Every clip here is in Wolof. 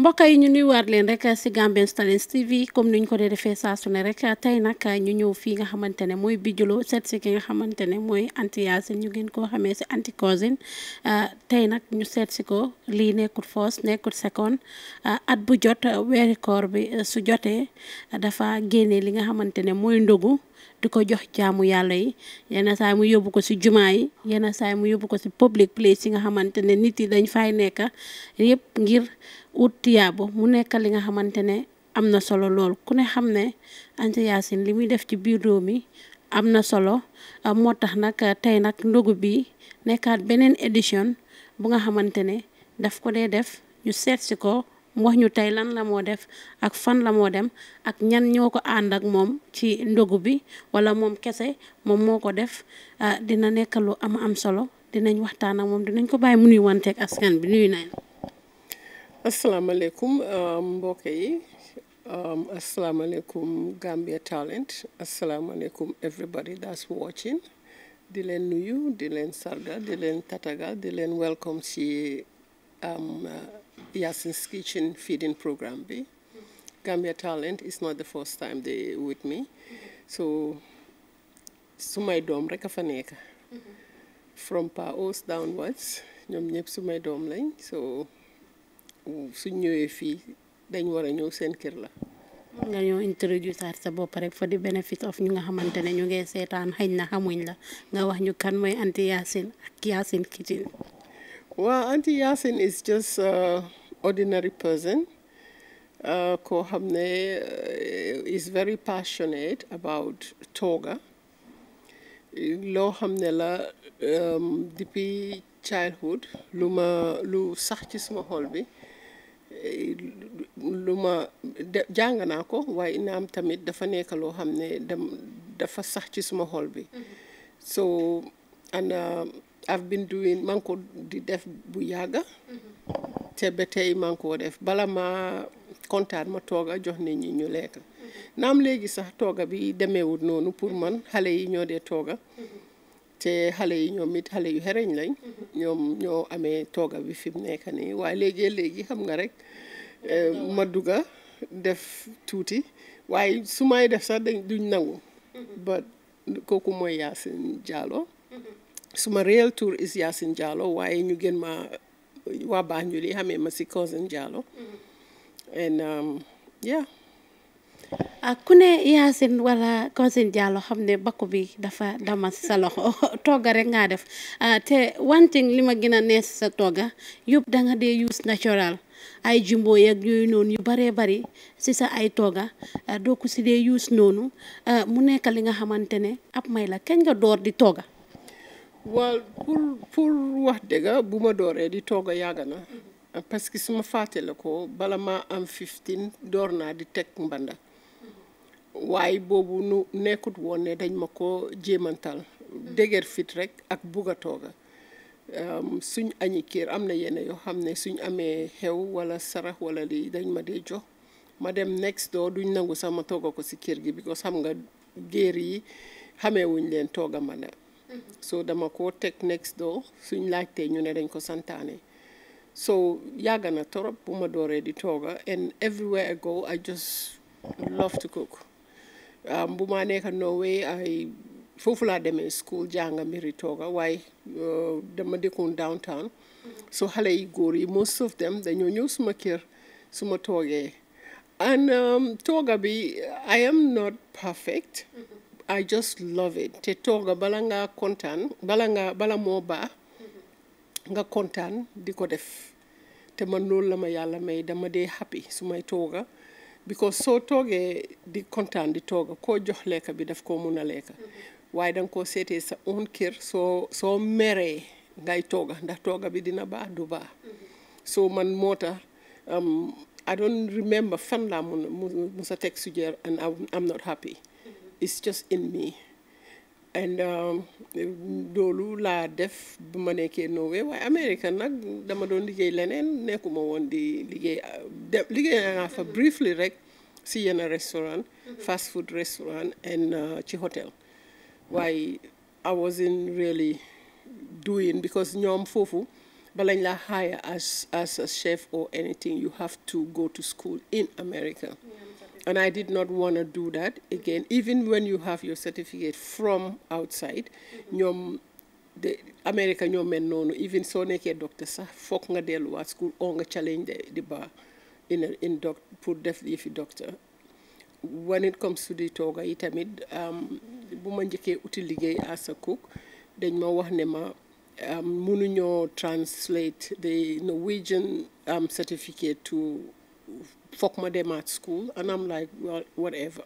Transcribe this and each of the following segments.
mbokka yi ñu nuyuwaat leen rek si Gambian si TV comme ni ñu ko dee defee saa ne rek tey nag ñu ñëw fii nga xamante ne mooy Bijilo seet si ki nga xamante ne mooy anti ñu ngeen koo xamee si anti cousin tey nag ñu seet si ko lii nekkut foos nekkut seconde at bu jot weeri koor bi su jotee dafa génnee li nga xamante ne mooy ndogu. di ko jox jaamu yàlla yi yenn saay mu yóbbu ko si jumaa yi yenn saay mu yóbbu ko si public place yi nga xamante ne nit yi dañ fay nekk yépp ngir ut tiyaabo mu nekk li nga xamante ne am na solo lool ku ne xam ne Anta li muy def ci biir doom mi am na solo ah, moo tax nag ah, tey nag ndogu bi nekkaat beneen édition bu nga xamante ne daf ko dee def ñu seet ko wax ñu tey lan la moo def ak fan la moo dem ak ñan ñoo ko ànd ak moom ci ndogu bi wala moom kese moom moo ko def ah, dina nekk lu am am solo dinañ waxtaan ak moom dinañ ko bàyyi mu nuy wanteek askan bi nuyu nañ asalaamaaleykum ah, mbokk yi um, asalaamaaleykum Gambia Talent asalaamaaleykum everybody that's watching di leen nuyu di leen sarga di leen tataga di leen welcome ci um, Yasin's Kitchen feeding programme bi Gambia Talent is not the first time they with me so sumay doom rek a fa nekk from PAOS downwards ñoom ñëpp may doom lañ so suñ ñëwee fii dañ war a ñëw seen kër la nga ñoo introduce sa bopp rek for the benefit of ñu nga xamante ne ñu ngi seetaan xëy na xamuñ la nga wax ñu kan mooy anti Yacine ak Yacine Kitchen Well, Auntie Yasin is just ordinary person uh, Kohamne xam uh, is very passionate about Toga. Lo xam la um, childhood luma ma lu eh, luma janga suma xol bi lu ko tamit dafa nekk loo xam ne dafa sax ci mm-hmm. so and um, I've been doing maa ko di def bu yàgga mm-hmm. te ba tey maa koo def bala ma kontaan ma tooga jox nit ñi ñu lekk mm-hmm. naam léegi sax tooga bi demeewul noonu pour man xale yi ñoo dee tooga mm-hmm. te xale yi ñoom it xale yu xereñ lañ ñoom ñoo amee tooga bi fi mu nekk nii waaye léegi léegi xam nga rek eh, ma dugga def tuuti waaye su may def sax dañ duñ nangu ba kooku mooy Yaasin Jaalo suma real tour is Yacine Diallo waaye ñu gën ma waa Banjul yi xamee ma si cousin Diallo mm-hmm. um, ah, ku ne Yacine wala cousin Diallo xam ne bakku bi dafa dama si sa loxo togga rek ngaa def ah, te one thing li ma gën a nees sa togga yëpp danga dee use natural ay jumbo yeeg yooyu noonu yu baree bari si sa ay togga ah, doo ko si dee use noonu mu nekk li nga xamante ne ab may la kañ nga door di togga waaw pour pour wax dëgga bu ma dooree di toog a yàgg na parce que su ma fàtte ko bala maa am door naa di teg mbanda waaye boobu nu nekkut woon ne dañ ma ko jéemantal dëgër fit rek ak bugg a tooga suñ añi kër am na yenn yoo xam ne suñ amee xew wala sarax wala lii dañ ma dee jox ma dem next door duñ nangu sama tooga ko si kër gi because xam nga géer yi xamewuñ leen tooga ma ne so dama ko teg next door suñ laajtee ñu ne dañ ko santaane so yàgg na torop bu ma dooree di toga and everywhere I go I just love to cook um, bu ma nekka Norway i foofu laa demee school jànga mbiri tooga waaye uh, dama dëkkoon downtown so hale yi góor yi most of them dañoo ñëw suma kër suma toogee and um, tooga bi I am not perfect I just love it te tooga bala ngaa kontaan bala nga bala moo baax nga kontaan di ko def te man loolu la ma yàlla may dama dee happy su may tooga because soo toogee di kontaan di tooga koo jox lekka bi daf koo mun a lekka waaye danga koo seetee sa own kër soo soo meree ngay tooga ndax tooga bi dina baax du baax soo man moo tax um, I don't remember fan laa mun a sa teg sujeer and I'm not happy it's just in me and um, loolu la def bu ma nekkee Norway waaye America nag dama doon liggéey leneen nekkuma woon di liggéey de liggéey fa briefly rek si yenn restaurant mhm. fast food restaurant and uh, ci hotel Why I wasn't really doing because ñoom foofu balañ la hire as as a chef or anything you have to go to school in America and I did not want to do that again. Even when you have your certificate from outside, your American, America ñoo mel noonu even so, nekkee doctor sa fok nga at school onga challenge di bar in in doc pour def you doctor. when it comes to the toga yi tamit um, bu ma jike uti liggéey as a cook dañ ma wax ne ma mënuñoo um, translate the Norwegian um, certificate to fuck my them at school. And I'm like, well, whatever.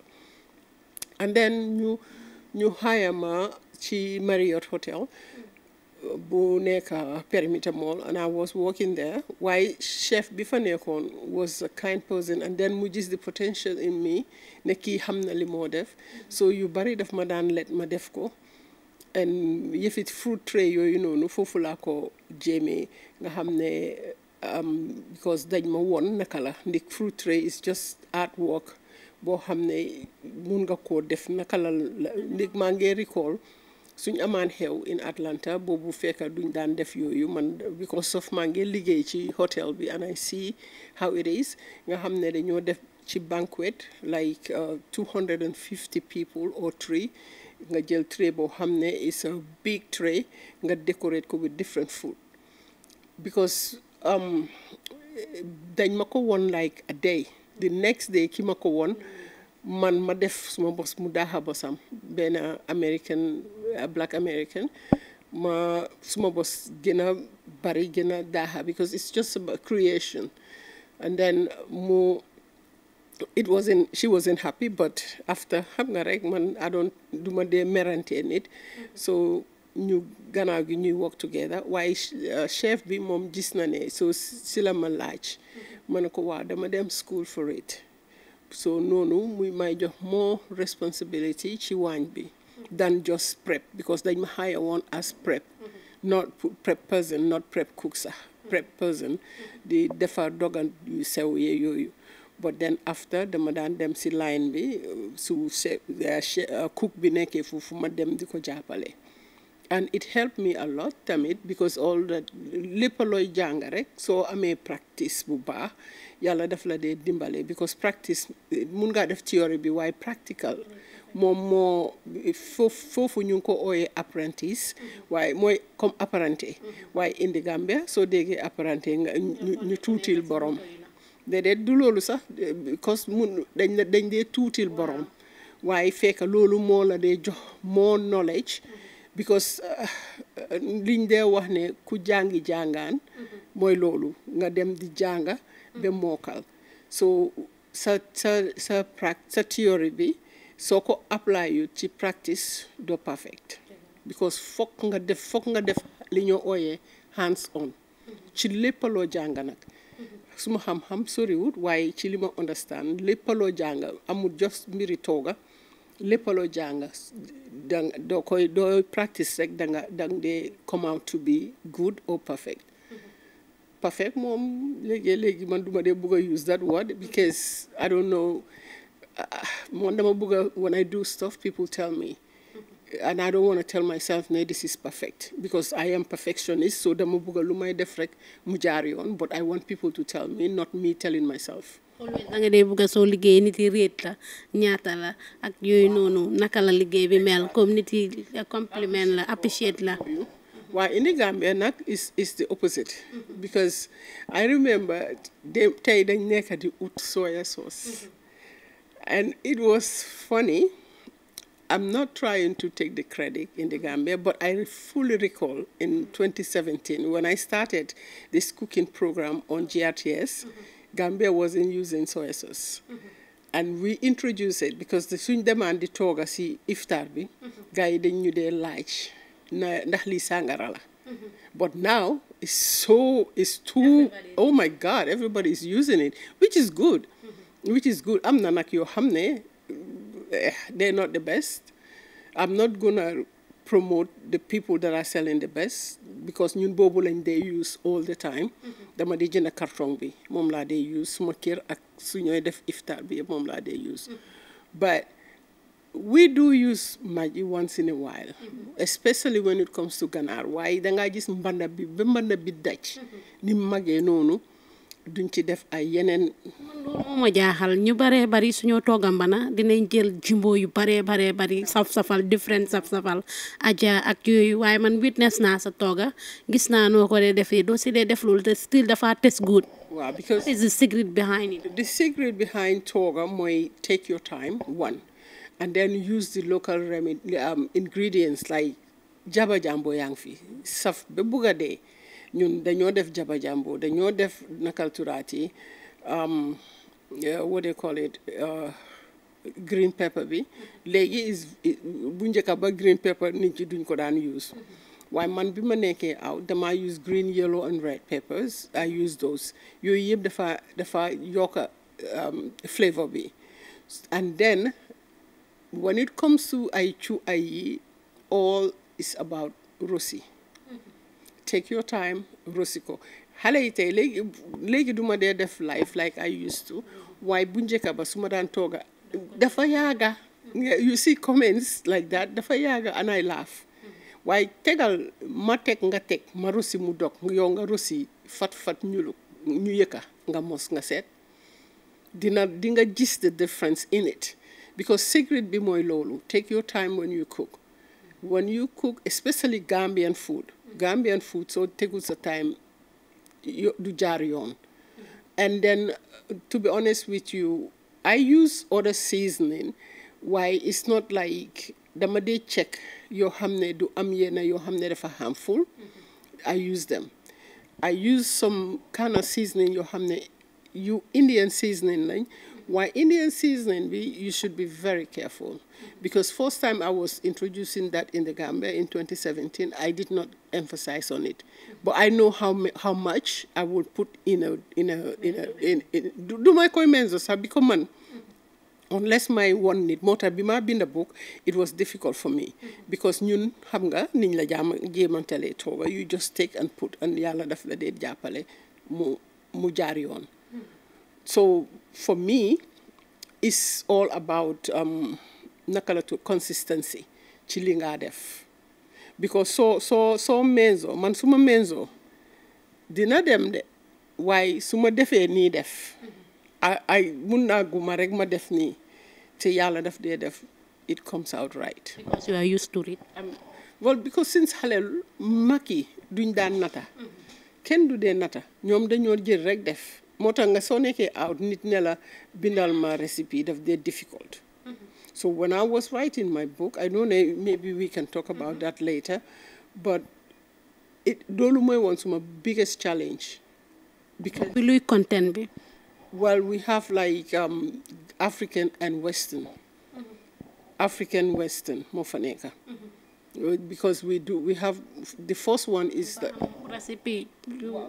And then you you hire me to Marriott Hotel. Boneka perimeter mall and I was working there. Why chef Bifanekon was a kind person and then mujis the potential in me, neki hamna limodef. So you buried of madan let madefko. And if it fruit tray you know no fofulako Jamie nga hamne um, because dañ ma woon naka ndi fruit tray is just artwork boo xam ne mun nga koo def naka la ndig ngi recall suñ amaan xew in Atlanta bobu fekka duñ daan def yooyu man because of maa ngi ci hotel bi and I see how it is nga xam ne dañoo def ci banquet like uh, two hundred and fifty people or three nga jël tray bo xam is a big tray nga decorate ko with different food because um, dañ ma won like a day the next day ki won. man ma def suma bos mu daaxa bosam benn American black American ma suma bos gën a bari gën because it's just about creation and then mu it wasn't she wasn't happy but after xam nga rek man I don't duma dee merantee it so ñu gannaaw gi ñuy work together waaye euh, chef bi moom gis na ne So si la ma laaj mm-hmm. ma ne ko waaw dama dem school for it so noonu muy may jox more responsibility ci waañ bi mm-hmm. than just prep because dañ ma hire woon as prep mm-hmm. not prep person not prep cook sax prep person di defar dogal yu sew yee yooyu but then after dama daan dem si line bi su euh, euh, cook bi nekkee foofu ma dem di ko jàppale and it helped me a lot tamit because all that lépp looy jàng rek may practice bu baax yàlla daf la dimbale because practice mun ngaa def théorie bi practical mo mo foofu foofu ñu ko ooyee apprentice waaye mooy comme apprenti waaye indi Gambia soo apprentice apprenti nga ñu tuutil borom déedéet du loolu sax because mun dañ la dañ dee tuutil borom waaye fekk loolu moo la jox more knowledge because uh, liñ dee wax ne ku jàngi jàngaan mm-hmm. mooy loolu nga dem di jànga ba mm-hmm. mokal so sa sa sa sa théorie bi soo ko apply yu ci practice do perfect mm-hmm. because foog nga def foog nga def li ñoo ooyee hands on ci lépp jànga nag suma xam-xam soriwut waaye ci li ma understand lépp loo jànga amul just mbiri tooga Lepolo janga, jàng dang practice rek danga dang de come out to be good or perfect mm-hmm. perfect mom, léegi léegi man duma dee use that word because I don't know uh, dama when I do stuff people tell me mm-hmm. and I don't want to tell myself "No, this is perfect because I am perfectionist so dama bëgg a lu def rek mu jaar but I want people to tell me not me telling myself always da nga dee bëgg a soo liggéey nit yi réet la ñaata la ak yooyu noonu naka la liggéey bi mel comme nit yi compliment la appreciate la Well, in the Gambia, not is is the opposite because I remember they tell the neck at the oat soya sauce, and it was funny. I'm not trying to take the credit in the Gambia, but I fully recall in 2017 when I started this cooking program on GRTS. Mm -hmm. Gambia wasn't using soy sauce. Mm -hmm. And we introduced it because the suñ demande tooga si iftar bi gars yi dañ ñu dee na ndax lii but now it's so it's too everybody. oh my god everybody is using it which is good mm -hmm. which is good am not like your hamne, eh, they're not the best I'm not gonna promote the people that are selling the best because ñun boobu lañ dee use all the time mm-hmm. dama di jënd carton bi moom use suma kër ak su ñooy def iftar bi yëpp moom laa use mm-hmm. but we do use maji once in a while mm-hmm. especially when it comes to ganaar Why? Then gis mbanda bi ba mbanda bi daj ni magee duñ ci def ay yeneen. loolu moo ma jaaxal ñu baree bari suñoo tooga mbana dinañ jël jimbo yu baree baree bari saf-safal different saf-safal aja ak yooyu waaye man witness naa sa tooga gis naa noo ko dee defee doo si dee def loolu te still dafa test good. waaw because what is the secret behind it. the secret behind tooga mooy take your time one and then use the local remedy um, ingredients like jaba jambo yaa ngi fi saf ba bugg dee ñun dañoo def jaba jàmbo dañoo def nakalturaat yi um, uh, what they call it uh, green pepper bi léegi is bu njëkka ba green pepper nit ci duñ ko daan use waaye man bi ma nekkee aw dama use green yellow and red peppers I use those yooyu yëpp dafa dafa yokka um, flavor bi and then when it comes to ay cu ay yi all is about rosi take your time rosiko ko xale yi tey léegi léegi dee def life like I used to waaye bu njëkk ba su ma daan tooga dafa yaaga you see comments like that dafa yaaga and I laugh waaye tegal ma teg nga teg ma rosi mu dog yow nga rosi fat fat ñulu ñu yëkka nga mos nga seet dina di nga gis the difference in it because secret bi mooy loolu take your time when you cook when you cook especially Gambian food Gambian food so takes a time to carry on. And then, to be honest with you, I use other seasoning. Why it's not like the dee check your xam do du am yenna yoo xam ne handful, I use them I use some kind of seasoning your xam you Indian seasoning while Indian seasoning, we, you should be very careful because first time I was introducing that in the Gambia in 2017, I did not emphasize on it, but I know how how much I would put in a in a in a in, in, in do, my comments have become man unless my one need moo tax be in the book it was difficult for me because ñun hamga nga niñ la jaam jéemantalee tooga you just take and put and yala daf la dee jàppale mu mu jaar so for me is all about um, naka consistency ci li def because so so so menzo man suma menzo ménzoo dina dem de waaye su ma defee nii def ay I naa guma rek ma def nii te yàlla daf dee def it comes out right. because you are used to it. Um, well because since xale mag yi duñ daan nata. Mm-hmm. ken du dee nata ñoom dañoo jël rek def moo tax nga soo nekkee out nit ne la bindal ma recipe daf dee difficult so when I was writing my book I don't know maybe we can talk about that later but it loolu mooy woon suma biggest challenge because luy content bi well we have like um, African and Western African Western moo fa nekka because we do we have the first one is the recipe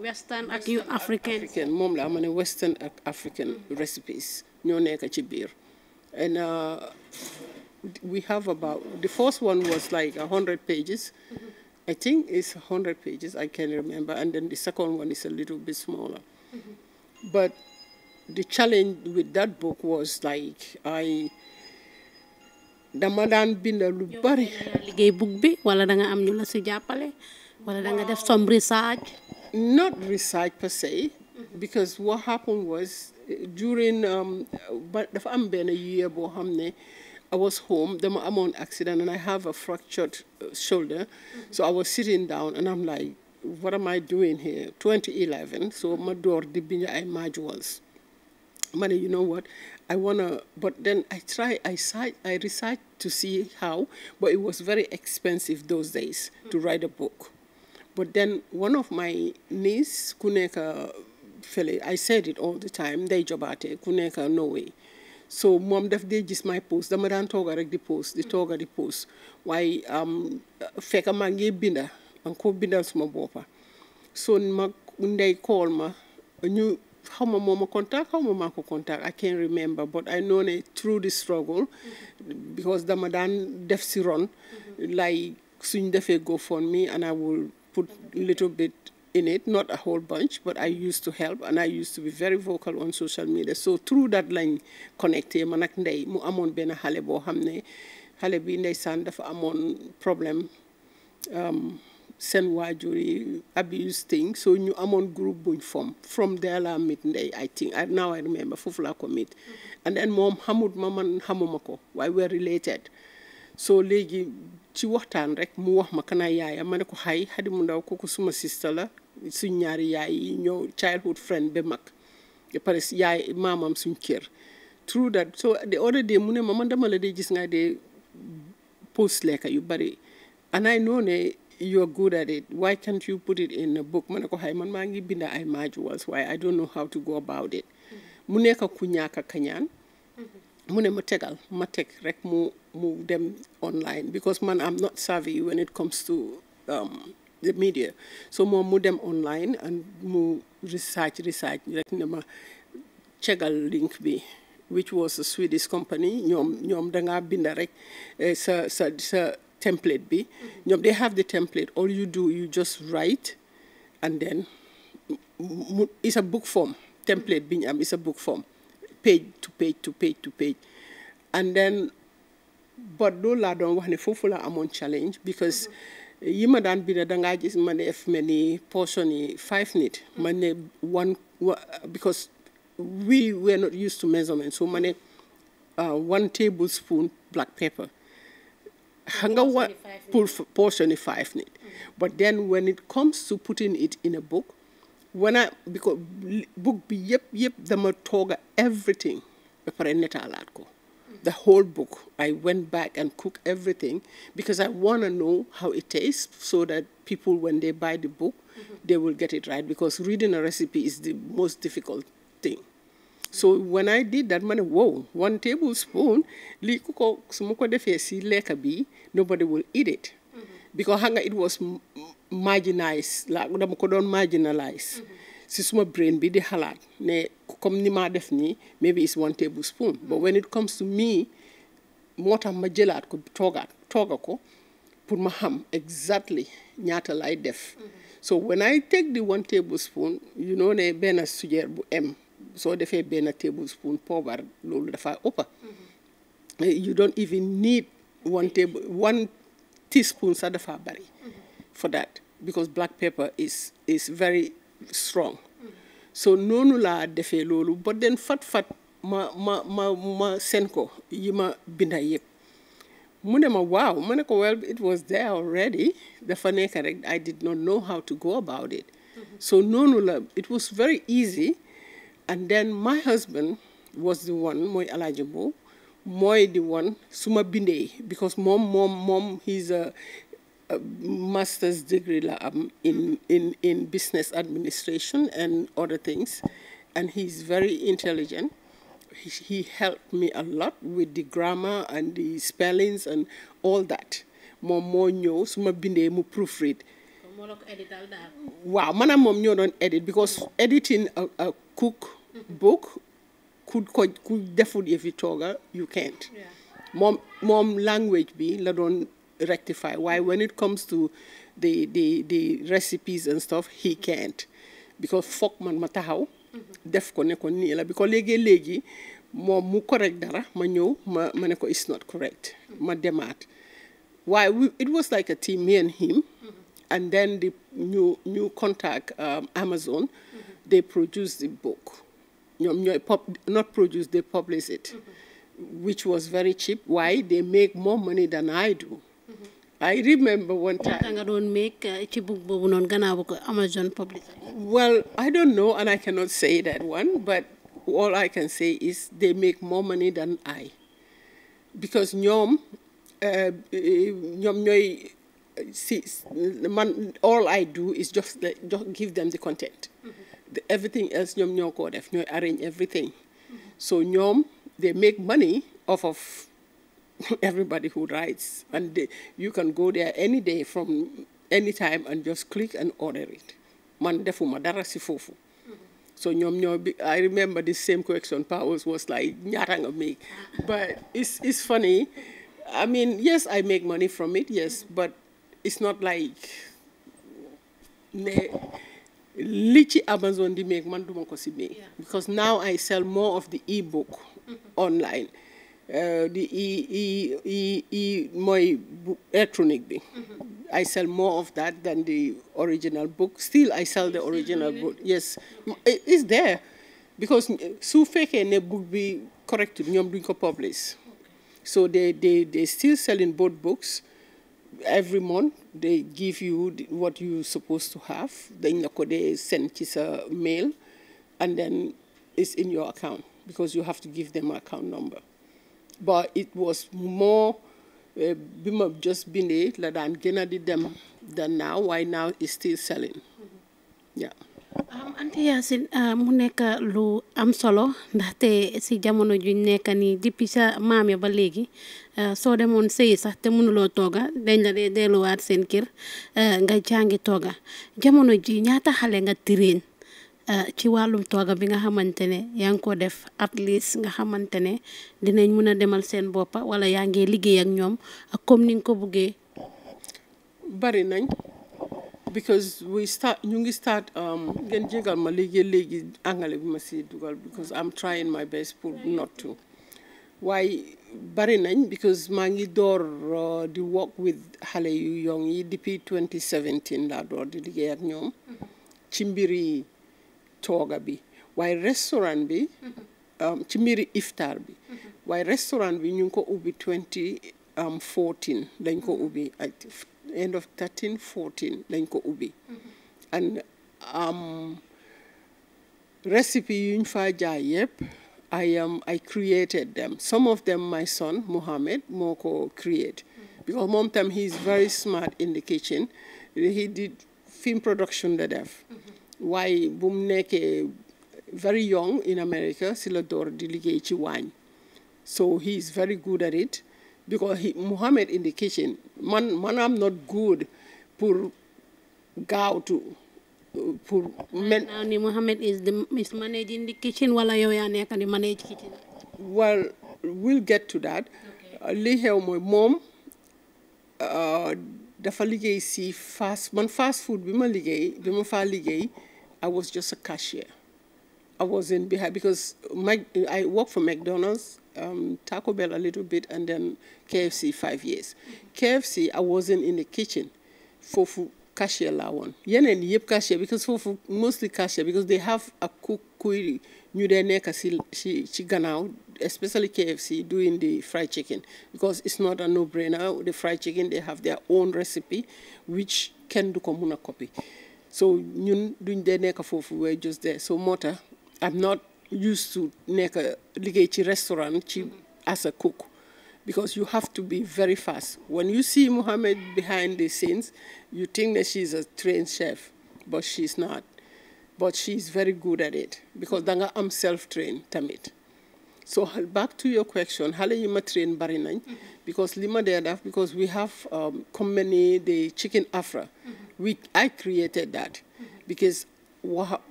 western african african moom la western african recipes ñoo nekk ci biir and uh, we have about the first one was like 100 pages i think it's 100 pages i can remember and then the second one is a little bit smaller mm-hmm. but the challenge with that book was like i dama daan bind lu bari. liggéey bug bi wala da nga am ñu la si jàppale wala da nga def some research. not research per se. because what happened was during um, but dafa am benn year boo xam I was home, then I'm on accident, and I have a fractured uh, shoulder. Mm -hmm. So I was sitting down, and I'm like, what am I doing here? 2011, so my door, the I was Money, you know what? I wanna, but then I try, I cite, I recite to see how, but it was very expensive those days to write a book. But then one of my niece, Kuneka Fele, I said it all the time, they jobate, Kuneka, no way. so mom def dee just my post The madan toga rek post The toga di post Why um, feka mangi ngi binda anga ko bindal so ma ndey call ma ñu how my moo contact How my maa contact I can't remember but I know that through the struggle because the daan def like ron lay go for me, and I will put little bit in it, not a whole bunch, but I used to help and I used to be very vocal on social media. So through that line connected, manak ak mo amon bena halebo xale boo xam ne xale bi ndeysaan dafa amoon um, seen waajur yi abuse thing so you amoon group buñ form from there laa meet I think now I remember foofu laa ko and then mom, Hamud, maman, man xamuma ko waaye we related so legi ci waxtaan rek mu wax ma kana yaaya ma ne ko xay xadi mu ndaw suma sister la suñ ñaari yaay ñoo childhood friend bemak. mag ba pare yaay maamam suñ kër through that so the other day mu ne ma man dama la gis nga post like yu bari and I know ne you're good at it why can't you put it in a book ma ne ko xay man maa binda ay manuals waaye I don't know how to go about it mu nekk ku kanyan. a kañaan mu ne rek mu mu dem online because man I'm not savvy when it comes to um, the media so moom mu dem online and mu research research rek ne ma link bi which was a Swedish company ñoom ñoom dangaa binda rek eh, sa sa sa template B. they have the template all you do you just write and then it's a book form template B. it's a book form page to page to page to page and then but loolu laa doon wax ne foofu challenge because mm-hmm. yi ma daan binda dangaa gis is def mel many portion five nit mm-hmm. mane one because we were not used to measurement so mane uh, one tablespoon black pepper nga wa portion five need but then when it comes to putting it in a book when I because book be yep yep the matoga everything ba a netaalaat the whole book I went back and cooked everything because I want to know how it tastes so that people when they buy the book mm-hmm. they will get it right because reading a recipe is the most difficult thing so when I did that man, whoa! wow one tablespoon si nobody will eat it. Mm-hmm. because xam it was marginalised la dama ko doon marginalised. Mm-hmm. si suma brain bi di xalaat ne comme ni maa def maybe it's one tablespoon but mm-hmm. when it comes to me moo tax ma jëlaat ko toogaat tooga ko pour ma ham exactly ñaata lay def. so when I take the one tablespoon you know ne bena sujeer bu em soo defee benn tablespoon poobar loolu dafa ëppa eh, you don't even need one table one teaspoon sax dafa bari for that because black pepper is is very strong so noonu laa defee loolu ba den fat fat ma ma ma ma seen ko yi ma binda yëpp mu ne ma waaw ma ne ko well it was there already dafa nekk rek I did not know how to go about it so noonu la it was very easy and then my husband was the one more eligible, Bou the one suma ma because mom, mom, mom, he's a master's degree la am in in in business administration and other things and he's very intelligent he helped me a lot with the grammar and the spellings and all that Mom, mom, ñëw suma ma mu proofread waaw maanaam moom ñoo doon edit because editing a cook book could could definitely if you tooga you can't Mom mom language be la rectify why when it comes to the the the recipes and stuff he can't because fuck man ma how, mm-hmm. def ko ne ko nii la because léegi legi, moom mu correct dara ma ñëw ma ne ko not correct mm-hmm. ma Why waaye it was like a team me and him mm-hmm. and then the new new contact um, Amazon they produced the book not produce, they publish it, mm -hmm. which was very cheap. Why? They make more money than I do. Mm -hmm. I remember one time. nga doon make uh, Amazon Well, I don't know and I cannot say that one, but all I can say is they make more money than I. Because nyom uh, nyom ñooy all I do is just, just give them the content. Mm -hmm everything else nyom ñoo koo def ñooy arrange everything so nyom, they make money off of everybody who writes. and they, you can go there any day from any time and just click and order it man defuma dara si so nyom nyom. I remember the same question Powers was like ñaata nga make but it's it's funny I mean yes I make money from it yes but it's not like li Amazon di make man duma ko because now I sell more of the e-book mm-hmm. online uh, the e e e e electronic bi mm-hmm. I sell more of that than the original book still I sell the original book yes it's there because uh, so fake ne book be corrected ñoom duñ publish so they they they still selling both books every month they give you what you supposed to have Then la code they send you a mail and then it's in your account because you have to give them an account number but it was more bi eh, just been la daan and a di than now why now it's still selling mm-hmm. yeah anti Yacine ah, mu nekk lu am solo ndaxte si jamono juñ nekk nii depuis sa maam ba léegi ah, soo demoon sëyi sax te mënuloo tooga dañ la dee delluwaat seen kër ah, nga jàngi tooga jamono ji ñaata xale nga tireen ci wàllum tooga bi nga xamante ne yaa ngi ko def at least nga xamante ne dinañ mën a demal seen boppa wala yaa ngee liggéey ak ñoom ak comme ni nga ko buggee bari nañ because we start ñu ngi start ngeen um, jégal ma léegi léegi angale bi ma dugal because I'm trying my best pour not to Why? bari nañ because maa ngi door uh, di work with xale yu young yi depuis 2017 laa door di liggéey ak ñoom ci mbiri tooga bi waaye restaurant bi um, ci mbiri iftar bi Why restaurant bi ñu ngi ko ubbi 2014 um, dañ ko ubbi end of 13 14 ubi and um, recipe yuñ fa jaay I um, I created them. Some of them my son Mohammed Moko create, because mom time he's very smart in the kitchen. He did film production the def. Why boom neke very young in America sila door wine. So he's very good at it because he, Muhammad in the kitchen, man, man I'm not good for gaaw to for men. Now ni Muhammad is the is managing the kitchen wala yow manage kitchen. Well, we'll get to that. li my mom. moom uh, dafa liggéey si fast man fast food bi ma liggéey I was just a cashier. I was in behind because my I work for McDonald's um, Taco Bell a little bit and then KFC five years. KFC, I wasn't in the kitchen for food cashier Yen Yenen yep cashier because for, mostly cashier because they have a cook kui new their neck she she out, especially KFC doing the fried chicken because it's not a no brainer. The fried chicken they have their own recipe which can do communa copy. So you doing their neck of we're just there. So Mota, I'm not used to make a ci restaurant ci as a cook because you have to be very fast when you see Mohamed behind the scenes you think that she's a trained chef but she's not but she's very good at it because danga i am self trained tamit so back to your question how do you train bari because Lima ma because we have um, come many the chicken afra mm-hmm. we I created that because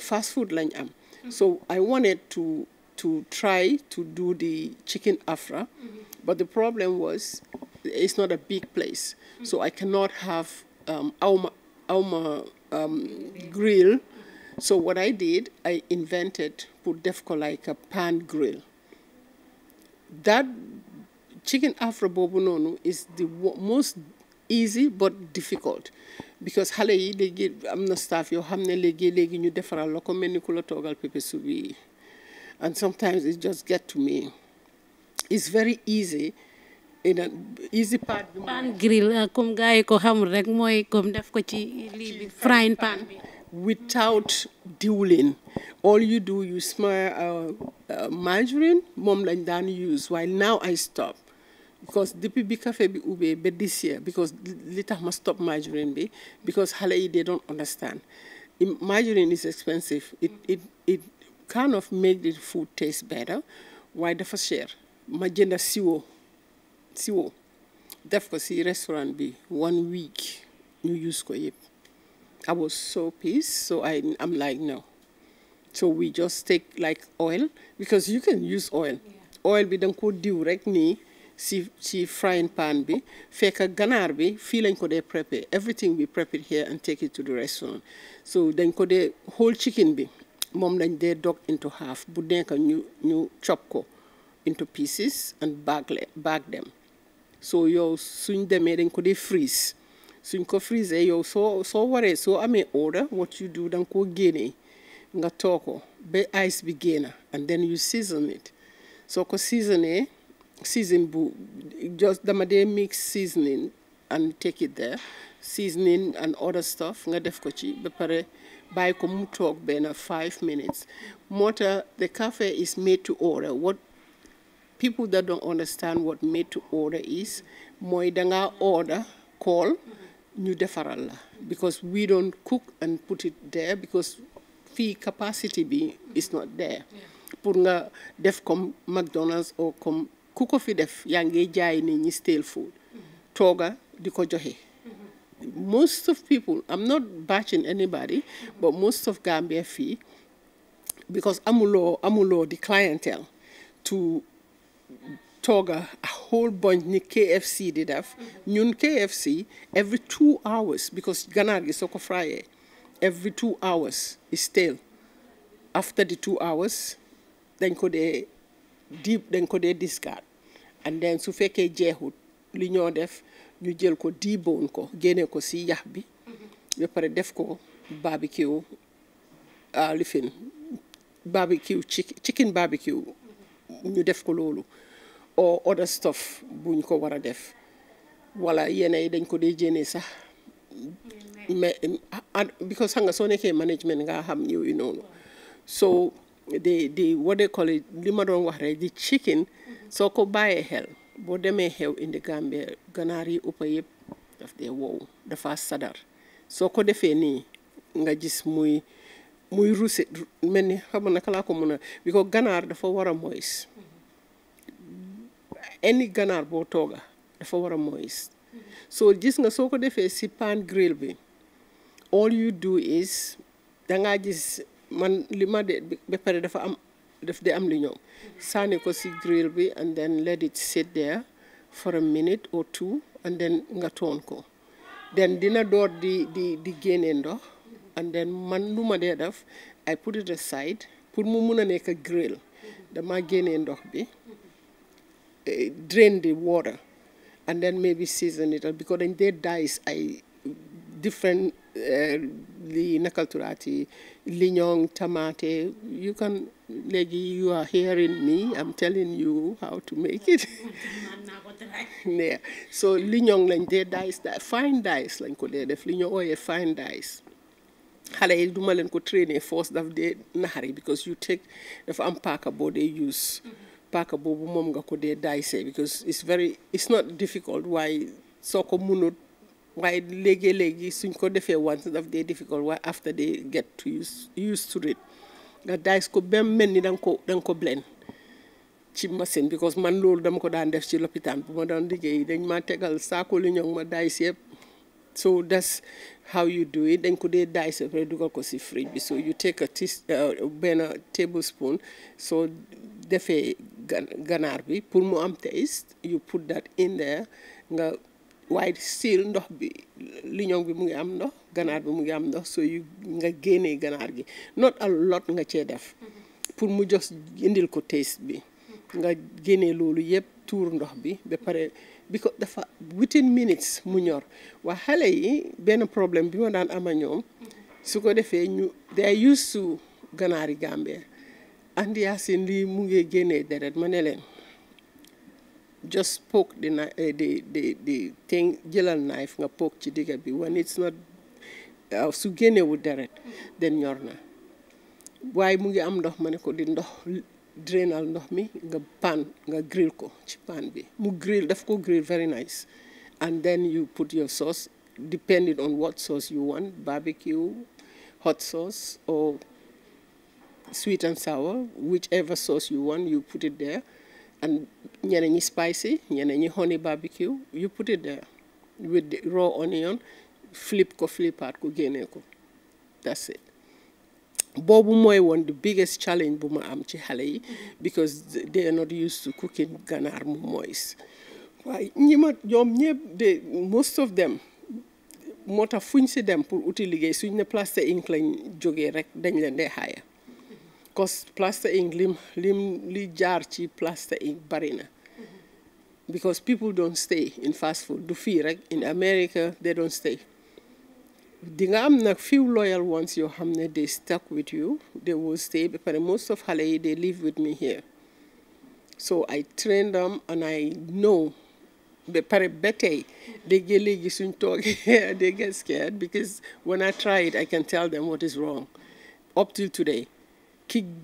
fast food lañ am so I wanted to to try to do the chicken afra, mm -hmm. but the problem was it's not a big place, mm -hmm. so I cannot have um, alma alma um, grill. So what I did, I invented put defco like a pan grill. That chicken afra bobononu is the most easy but difficult because xale yi léegi am na staff yoo xam ne legi ñu defaral la ko ku la toogal pepe and sometimes it just get to me it's very easy in a easy part pan grill uh, comme gars yi ko xamul rek mooy comme def ko ci bi frying pan without dueling, all you do you smear uh, uh, margarine moom lañ daan use while now I stop because depuis bi café bi ube, ba this year because li tax ma stop margarine bi because xale yi they don't understand margarine is expensive it it it kind of make the food taste better Why dafa cher ma jënda siwo siwo def ko si restaurant bi one week ñu use ko yëpp I was so pissed so I am like no so we just take like oil because you can use oil oil bi do ko diw rek nii si ci frying pan bi fekk ganaar bi fii lañ ko dee prepare everything we prepare it here and take it to the restaurant so dañ ko dee whole chicken bi mom lañ they dog into half bu then ñu ñu chop ko into pieces and bag bag them so you suñ demee dañ ko dee freeze suñ ko freezer yow so soo so I amee order what you do danga koo génnee nga too ko ice bi génna and then you season it soo ko eh season book, just dama mix seasoning and take it there seasoning and other stuff nga def ko chi ba buy ko mu five minutes moo the cafe is made to order what people that don't understand what made to order is mooy dangaa order call new defaral la because we don't cook and put it there because fee capacity be is not there pour nga def comme McDonald's or comme ku fi def yaa ngi jaay ñi stale food Toga di joxe most of people I'm not bashing anybody but most of Gambia fii because amulo amulo the clientele to toga a whole bunch ni KFC di def ñun KFC every two hours because ganaar gi soo ko every two hours is stale after the two hours dañ ko deep dañ ko discard and then su fekkee jeexut li ñoo def ñu jël ko diiboon ko génne ko si yax bi ba pare def ko barbecue lifin barbecue chicken barbecue ñu def ko loolu o other stuff buñ ko war a def wala yeneen yi dañ ko dee jénne sax mais ah, because xam nga soo nekkee management nga xam ñëw yi noonu so the the what they call it li ma doon wax rek di chicken mm-hmm. soo ko bàyyee xel boo demee xew in Gambia ganaar ganari uppa yëpp daf the wow fast sadar so ko de nii nga gis muy muy ruuse mel ni xam nga naka laa ko mën a bi dafa war mm-hmm. any ganar botoga tooga dafa war mm-hmm. so moyis soo gis nga soo si pan grill bi all you do is dangaa gis man lima de ba pare dafa am daf de am li ñoom sànni ko si grill bi and then let it sit there for a minute or two and then nga toon ko then dina door di di di génne ndox and then man lu ma dee def I put it aside pour mu mun a nekk grill dama génne ndox bi eh, drain the water and then maybe season it because dañ dee dice I different li nakalturati linyong tamate you can legi. you are hearing me i'm telling you how to make it yeah so linyong lañ dé dice that fine dice lañ ko dé def oyé fine dice hala yi duma leen ko trainer force daf dee nahari because you take if am paaka bo de use paaka boobu moom nga ko dee dice because it's very it's not difficult Why soko munut why legi legi suñ ko defee once daf dee difficult waaye after they get to use used to it nga dice ko ba mel ni da ko da ko blend ci machine because man loolu dama ko daan def ci lopitaan bu ma daan liggéey dañ ma tegal saako li ñoom ma dice yëpp so that's how you do it dañ ko dee dice après dugal ko si fridge bi so you take a tis uh, benn tablespoon so defee ganaar bi pour mu am taste you put that in there nga waaye siil ndox bi liñoŋ bi mu ngi am ndox ganaar bi mu ngi am ndox soo yu nga génnee ganaar gi not a lot nga cee def mm-hmm. pour mu jos indil ko taste bi mm-hmm. nga génnee loolu yëpp tuur ndox bi ba pare bi ko dafa within minutes mu ñor waa xale yi benn problème bi ma daan ama ñoom mm-hmm. su ko defee ñu day use su ganaari Gambie andi yaa seen lii mu ngi génnee deret ma ne leen just poke the, uh, the, the, the thing, jilal knife nga poke ci digga when it's not uh, would direct, then ñor Why waaye mu am ndox ma ne ko di ndox drainal ndox mi nga pan nga grill ko ci pan bi mu grill daf ko grill very nice and then you put your sauce depending on what sauce you want barbecue hot sauce or sweet and sour whichever sauce you want you put it there and ñeneen spicy ñeneen ñi honey barbecue you put it there with the raw onion flip ko flipaat ko génnee ko that's it boobu mooy woon the biggest challenge bu ma am ci xale yi because they are not used to cooking ganar mu mois waaye ñi ma ñëpp de most of them moo fuñ dem pour uti liggéey suñ ne incline Inc lañ jógee rek dañ leen cause plaster ink lim lim li jar ci plaster ink because people don't stay in fast food du feel rek in America they don't stay di nga am few loyal ones yoo xam they stuck with you they will stay But most of xale they live with me here so I train them and I know ba pare ba suñ they get scared because when I try it I can tell them what is wrong up till today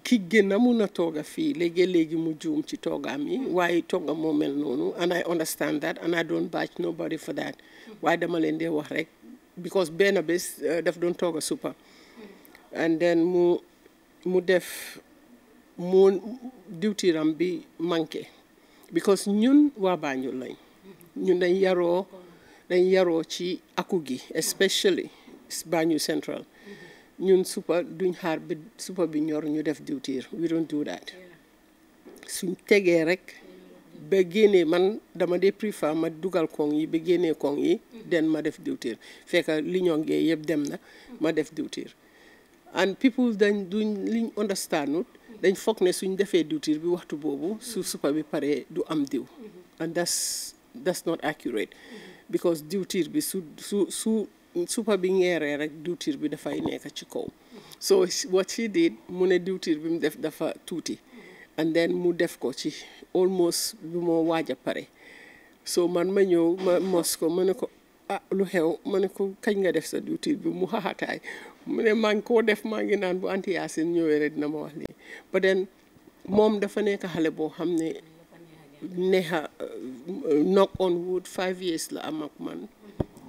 kiggéenamuna toog a fii léegi-léegi mu juum ci toogaam yi waaye tooga moo mel and I understand that and I don't bash nobody for that why dama leen dee wax rek because benn bés uh, daf not talk a super and then mu mu def mu diwtiram bi manke because ñun wa Banjul lañ ñun dañ yaroo dañ yaroo ci especially Banjul Central ñun supa duñ xaar bi supa bi ñor ñu def diwtiir we don't do that suñ tegee rek ba génnee man dama dee préfère ma dugal koŋ yi ba génnee koŋ yi den mm-hmm. ma def diwtiir fekk li yëpp dem na mm-hmm. ma def diwtiir and people dañ duñ liñ understandut mm-hmm. dañ foog ne suñ defee diwtiir bi waxtu boobu su supa bi paree du am diw and that's that's not accurate because diwtiir bi su su su Super bi ngeeree rek diwtiir bi dafay nekk ci kaw so what she did mu ne diwtiir bi mu def dafa tuuti and then mu def ko ci almost bi moo waaj pare so man ma ñëw ma mos ko ma ne ko ah lu xew ma ne ko kañ nga def sa diwtiir bi mu xaxataay mu ne maa ngi koo def maa ngi naan bu anti yaasin ñëwee rek dina ma wax lii ba den moom dafa nekk xale boo xam ne uh, knock on wood five years la am ak man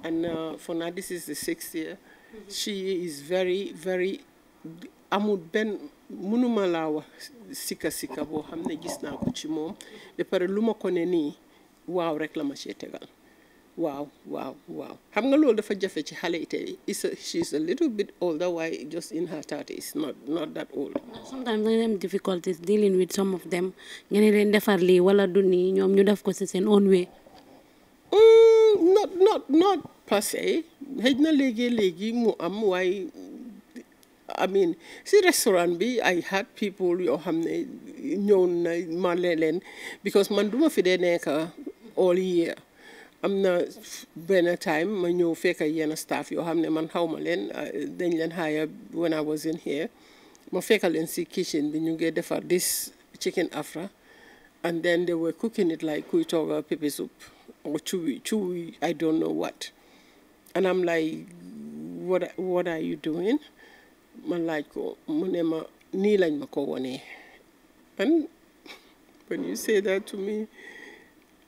and uh, for now, this is the sixth year. Mm -hmm. She is very, very. amul benn mënuma sika sika bo. Hamne gisna gis naa ko ci moom ba pare Wow, wow, wow. ne nii waaw rek la tegal nga dafa jafe ci xale is a a little bit older Why? just in her thirties not not that old. sometimes da have difficulties dealing with some of them ngeen ne defar lii wala du nii ñu def ko own way. Mm, not not not passé xëj na léegi mu am waaye I mean si restaurant bi I had people yo hamne ne na because manduma fide neka all year am na benn time ma ñëw fekk yena staff yo hamne man xaw ma leen ah, dañ hire when I was in here ma fekk in si kitchen bi nyu ngi for this chicken afra and then they were cooking it like with pepper soup or chewy chewy I don't know what and I'm like what what are you doing ma laaj ko mu and when you say that to me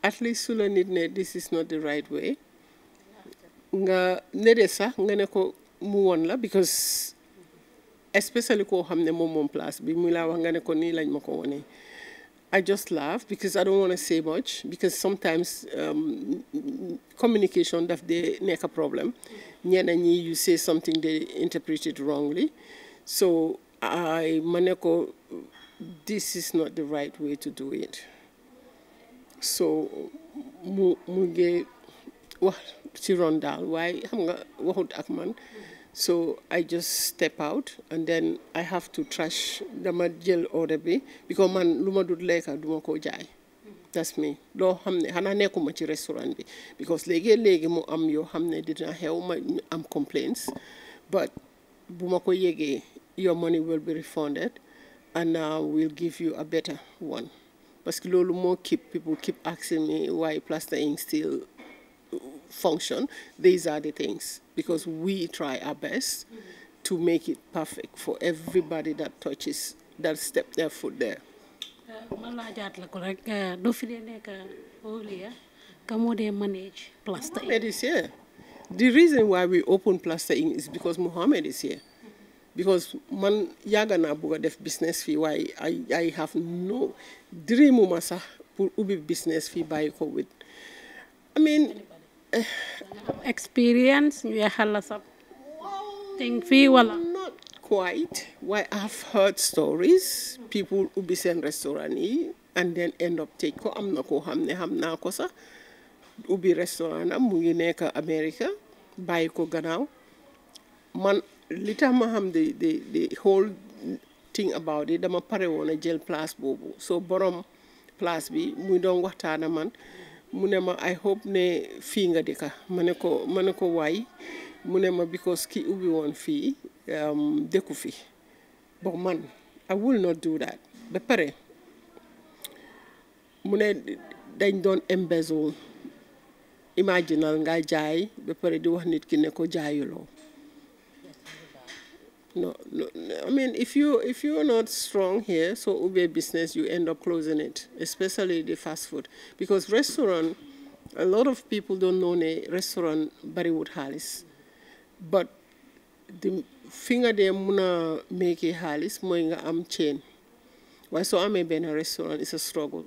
at least sula la ne this is not the right way nga ne nga ko mu la because especially ko hamne ne moom moom place bi mu laa wax nga ko nii ko I just laugh because I don't want to say much because sometimes um, communication that they make a problem. you say something they interpret it wrongly. So I maneko, this is not the right way to do it. So muge, wah, chirondal why xam nga waxut man. Mm -hmm. So I just step out and then I have to trash the jël order be because man lu ma dul lekka du ma ko jaay that's me loo xam ne xanaa nekkuma ci restaurant be? because léegi léegi mo am yo. xam did dina xew ma am complaints but bu ma ko yëgee your money will be refunded and uh, we'll give you a better one Because lo, loolu keep people keep asking me why plastering still function, these are the things because we try our best mm -hmm. to make it perfect for everybody that touches that step their foot there. Uh, ma la uh, uh, manage is here the reason why we open plastering is because Muhammad is here because man yàgg naa def business fee. Why I I have no dream umasa pour business fee by COVID. I mean experience you have some thing fee wala not quite why i've heard stories people who be sent restaurant and then end up take ko oh, am na ko xamne xam na ko sax ubi restaurant am mu ngi nekk america bàyyi ko gannaaw man li tax ma xam the the the whole thing about it dama pare woon a jël place boobu so borom place bi muy doon waxtaana man mu ne ma I hope ne fii nga ka ma ne ko ma ne ko waay mu ne ma because ki ubbi woon fii um, dëkku fi bon man I will not do that ba pare mu ne dañ doon embezzle imaginal ngaa jaay ba pare di wax nit ki ne ko jaayuloo No, no, no, I mean, if you if you're not strong here, so Uber business, you end up closing it, especially the fast food, because restaurant, a lot of people don't know a restaurant Barrywood Hallis, but the finger they muna make a Hallis, moinga am chain. Why so I'm a restaurant is a struggle.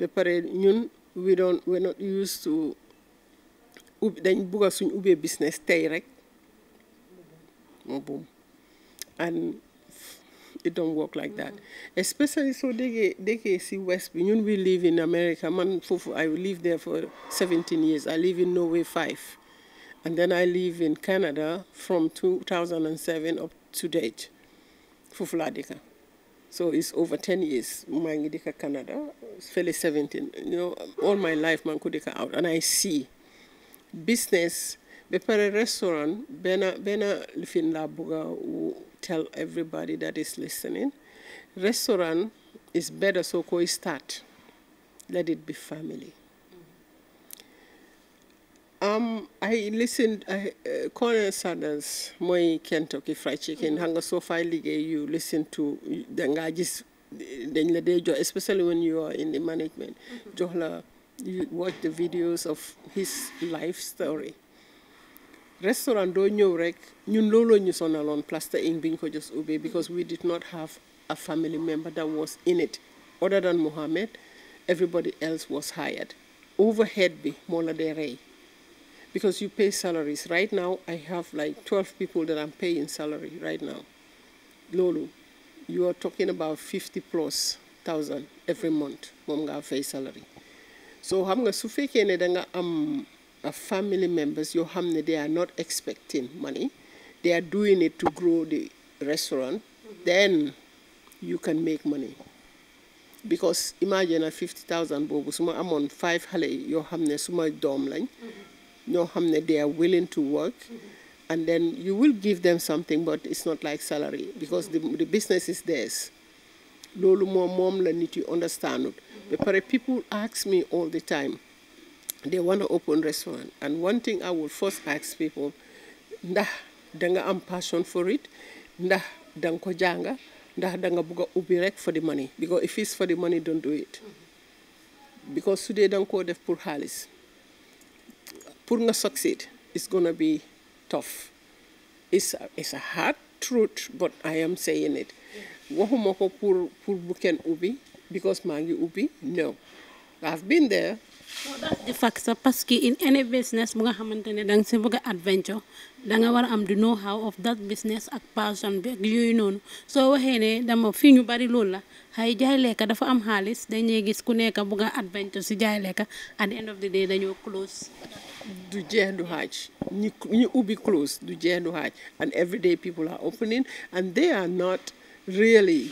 But mm -hmm. we don't we're not used to. Then buga sun business direct. Boom and it don't work like that. Especially so they they can see West Union. We live in America. Man, I live there for 17 years. I live in Norway five, and then I live in Canada from 2007 up to date. Fufuladika. So it's over 10 years. Mangidika Canada, it's fairly 17. You know, all my life man out, and I see business be pare restaurant, bena bena lifin la buga tell everybody that is listening. Restaurant is better so ko start. Let it be family. Um, I listened, I, uh, Colonel Sanders, my Kentucky Fried Chicken, mm-hmm. hanga sofa so far you listen to, dengajis, especially when you are in the management, mm you watch the videos of his life story restaurant doo ñëw rek ñun looloo ñu sonaloon Plaster Inc bi ko just ubbee because we did not have a family member that was in it other than Mohamed everybody else was hired overhead bi moo la dee rey because you pay salaries right now I have like twelve people that I'm paying salary right now loolu you are talking about fifty plus thousand every month moom ngaa fay salary so xam nga su fekkee ne da nga am family members your hamne, they are not expecting money they are doing it to grow the restaurant then you can make money because imagine a fifty thousand bobo. I'm on five xale Your hamne, ne suma doom line. Your hamne, they are willing to work and then you will give them something but it's not like salary because the, the business is theirs loolu moom moom la nit understand? understandul people ask me all the time they want to open restaurant and one thing I will first ask people ndax danga am passion for it ndax danga ko jànga ndax danga for the money because if it's for the money don't do it because today dee danga koo def pour xaalis pour nga succeed it's gonna be tough it's a, it's a hard truth but I am saying it waxuma pur pur buken ubi? because mangi ubi? no I've been there that's the fact parce que in any business bu nga xamante ne danga bëgg a adventure danga war am know how of that business ak passion bi ak yooyu noonu soo waxee ne dama fii ñu bari loolu la xay jaay lekka dafa am dañuy gis ku nekk adventure jaay lekka at the end of the day dañoo close du jeex du xaaj ñi ñi ubbi close du jeex du xaaj and everyday people are opening and they are not really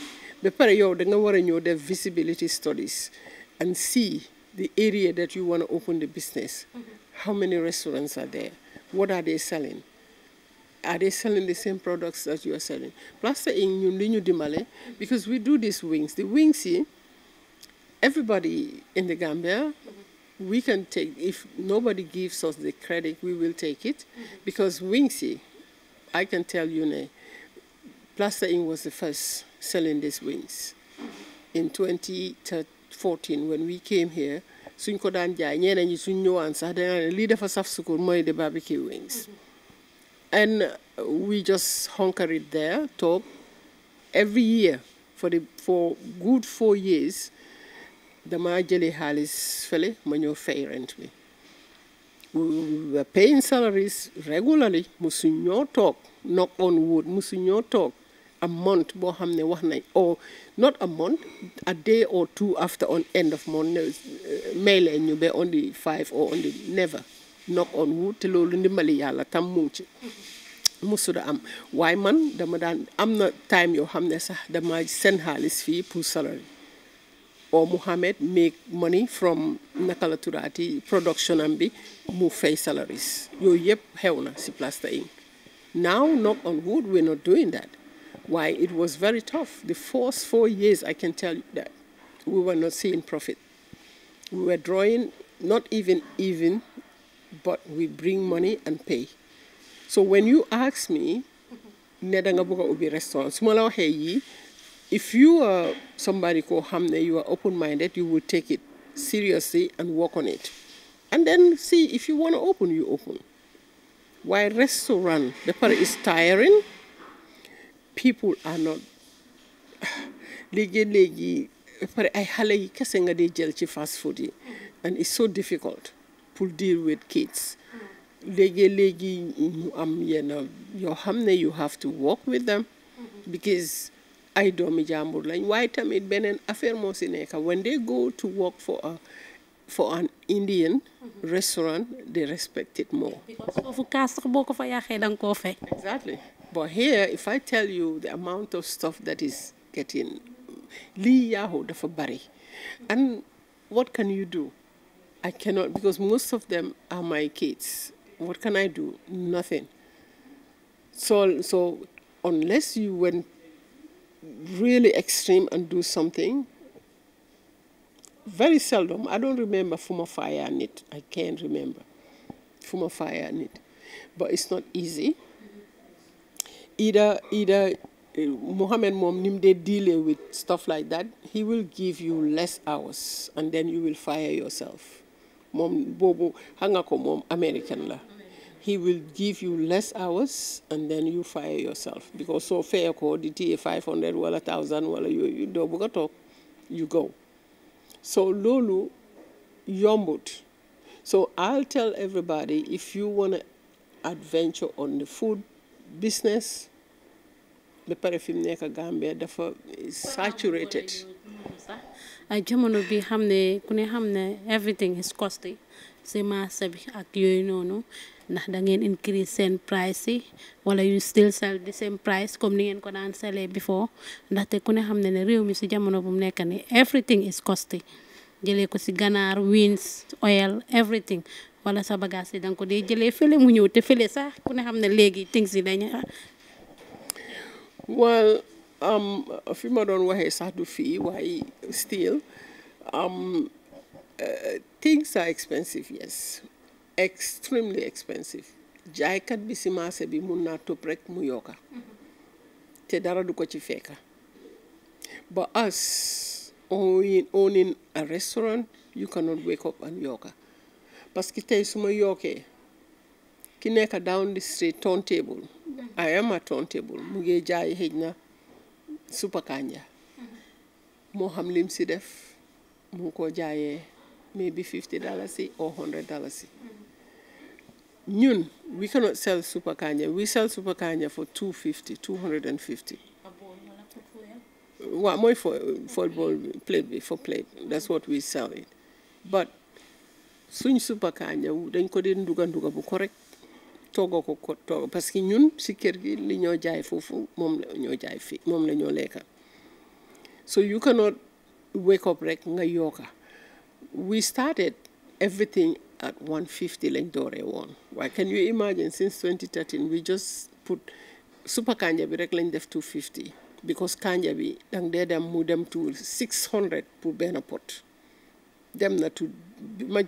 ba pare yow da nga war ñëw def visibility studies and see the area that you want to open the business, mm -hmm. how many restaurants are there? What are they selling? Are they selling the same products that you are selling? Plus, in Yundinyu Dimale, mm-hmm. because we do these wings. The wings here, everybody in the Gambia, mm-hmm. we can take, if nobody gives us the credit, we will take it. Mm-hmm. Because wings here, I can tell you now, Plaster Inn was the first selling these wings in 2013. 14. when we came here suñ ko daan jaay ñeneen ñi suñ ñëwaan sax dana ne lii dafa saf mooy the barbecue wings mm-hmm. and we just hunker it there top every year for the for good four years dama jëlee xaalis fële ma ñëw fay rent bi we were paying salaries regularly musuñ ñoo toog knock on wood musuñ ñoo toog a month boo xam wax nañ or not a month a day or two after on end of month eh, may leen ñu ba on the five or on the never knock on wood te loolu ndimbali yàlla tam mu ci am waaye man dama daan am na time yoo xam ne sax dama seen xaalis fii pour salary or Muhammad make money from nakala turati production and be move face salaries. You yep hell na si plaster in. Now knock on wood we're not doing that why it was very tough. The first four years, I can tell you that we were not seeing profit. We were drawing not even even, but we bring money and pay. So when you ask me, Nedangabuga Ubi restaurant, if you are somebody called hamne, you are open minded, you will take it seriously and work on it. And then see if you want to open, you open. Why restaurant? The part is tiring people are not léegi léegi pare ay xale yi kese nga dee jël fast food and it's so difficult to deal with kids léegi léegi you have to work with them because I do jàmbur lañ waaye tamit beneen affaire moo si when they go to work for a for an Indian restaurant they respect it more. because exactly. But here, if I tell you the amount of stuff that is getting, Lee Yahoo, a Fabari, and what can you do? I cannot, because most of them are my kids. What can I do? Nothing. So, so unless you went really extreme and do something, very seldom, I don't remember Fuma Fire in it. I can't remember Fuma Fire in it. But it's not easy either either eh, Mohammed Mom Nimde deal with stuff like that, he will give you less hours and then you will fire yourself. Mom Bobo Hangako Mom American la. He will give you less hours and then you fire yourself. Because so fair code ta five hundred wala thousand wala you you do you go. So Lulu yombut. So I'll tell everybody if you wanna adventure on the food business ba pare fi mu nekk Gambia dafa saturated ak ah, jamono bi xam ne ku ne xam ne everything is costly si marché bi ak yooyu noonu ndax da ngeen increase seen price si wala you still sell the same price comme ni ngeen ko daan sellee before ndaxte ku ne xam ne ne réew mi si jamono bu mu nekk ni everything is costly jëlee ko si ganaar wins oil everything wala sa bagage yi da ko dee jëlee fële mu ñëw te fële sax ku ne xam ne léegi things yi dañ well fi ma doon waxee sax du fii waaye still um, uh, things are expensive yes extremely expensive jaaykat bi si marché bi mun naa tëb rek mu yokka te dara du ko ci fekka but us owning owning a restaurant you cannot wake up and yokka parce que tey su ma ki nekk down the street table mm-hmm. I am a table mu ngi jaay xëj na suppa mm-hmm. moo xam lim si def mu ngi ko jaayee maybe 50 dollars or 100 dollars mm-hmm. ñun we cannot sell suppa kanja we sell suppa kanja for 250 250 two hundred mooy football bi fo plate that's what we sell it but suñ super kanja dañ ko di nduga nduga bu correct ko ko parce que ñun kër gi li ñoo jaay la ñoo jaay la ñoo so you cannot wake up rek nga yoga. we started everything at 150 lañ dooree one. Why can you imagine since 2013 we just put super kanja bi rek lañ def 250 because kanja bi dang dee dem mu dem to 600 pour benn pot dem na to bi ma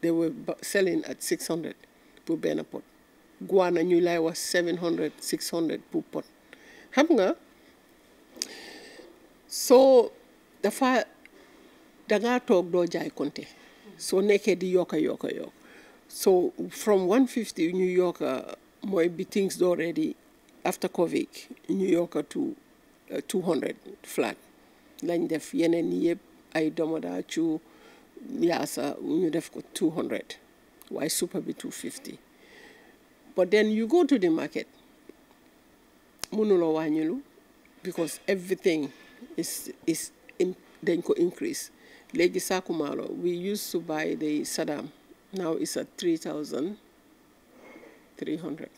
they were selling at 600 pour benn pot guana ñu was 700 600 pour pot so nga soo dafa dangaa toog doo konte soo nekkee di yoka yoka yokk so from 150 New yokk a uh, mooy bi things already after covid New yokk to uh, 200 flat lañ def yeneen yëpp ay domoda cu yaasa ñu def ko 200 Why super be 250 but then you go to the market, Munolo wanyulu, because everything is is in, then could increase. Legi sakumalo, we used to buy the Saddam, now it's at three thousand three hundred.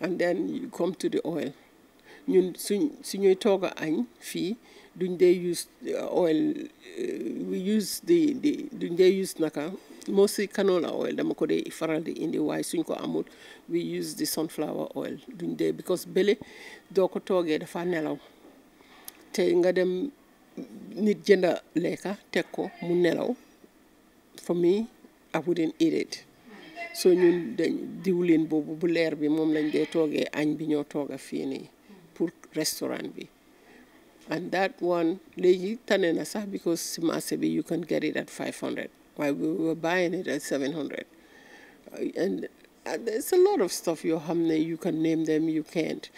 And then you come to the oil. ñun you suñuy toog a añ Do they use uh, oil uh, we use the the Do they use naka mostly canola oil dama ko dee faral di indi waaye suñ ko amul we use the sunflower oil duñ dee because bële doo ko toogee dafa nelaw te nga dem nit jënda lekka teg ko mu nelaw for me I wouldn't eat it so ñun dañ diwlin boobu bu leer bi moom lañ dee toogee añ bi ñoo tooga fii nii pour restaurant bi and that one léegi tane na sax because si marché bi you can get it at 500 while we were buying it at 700 uh, and uh, there's a lot of stuff you hamne you can name them you can't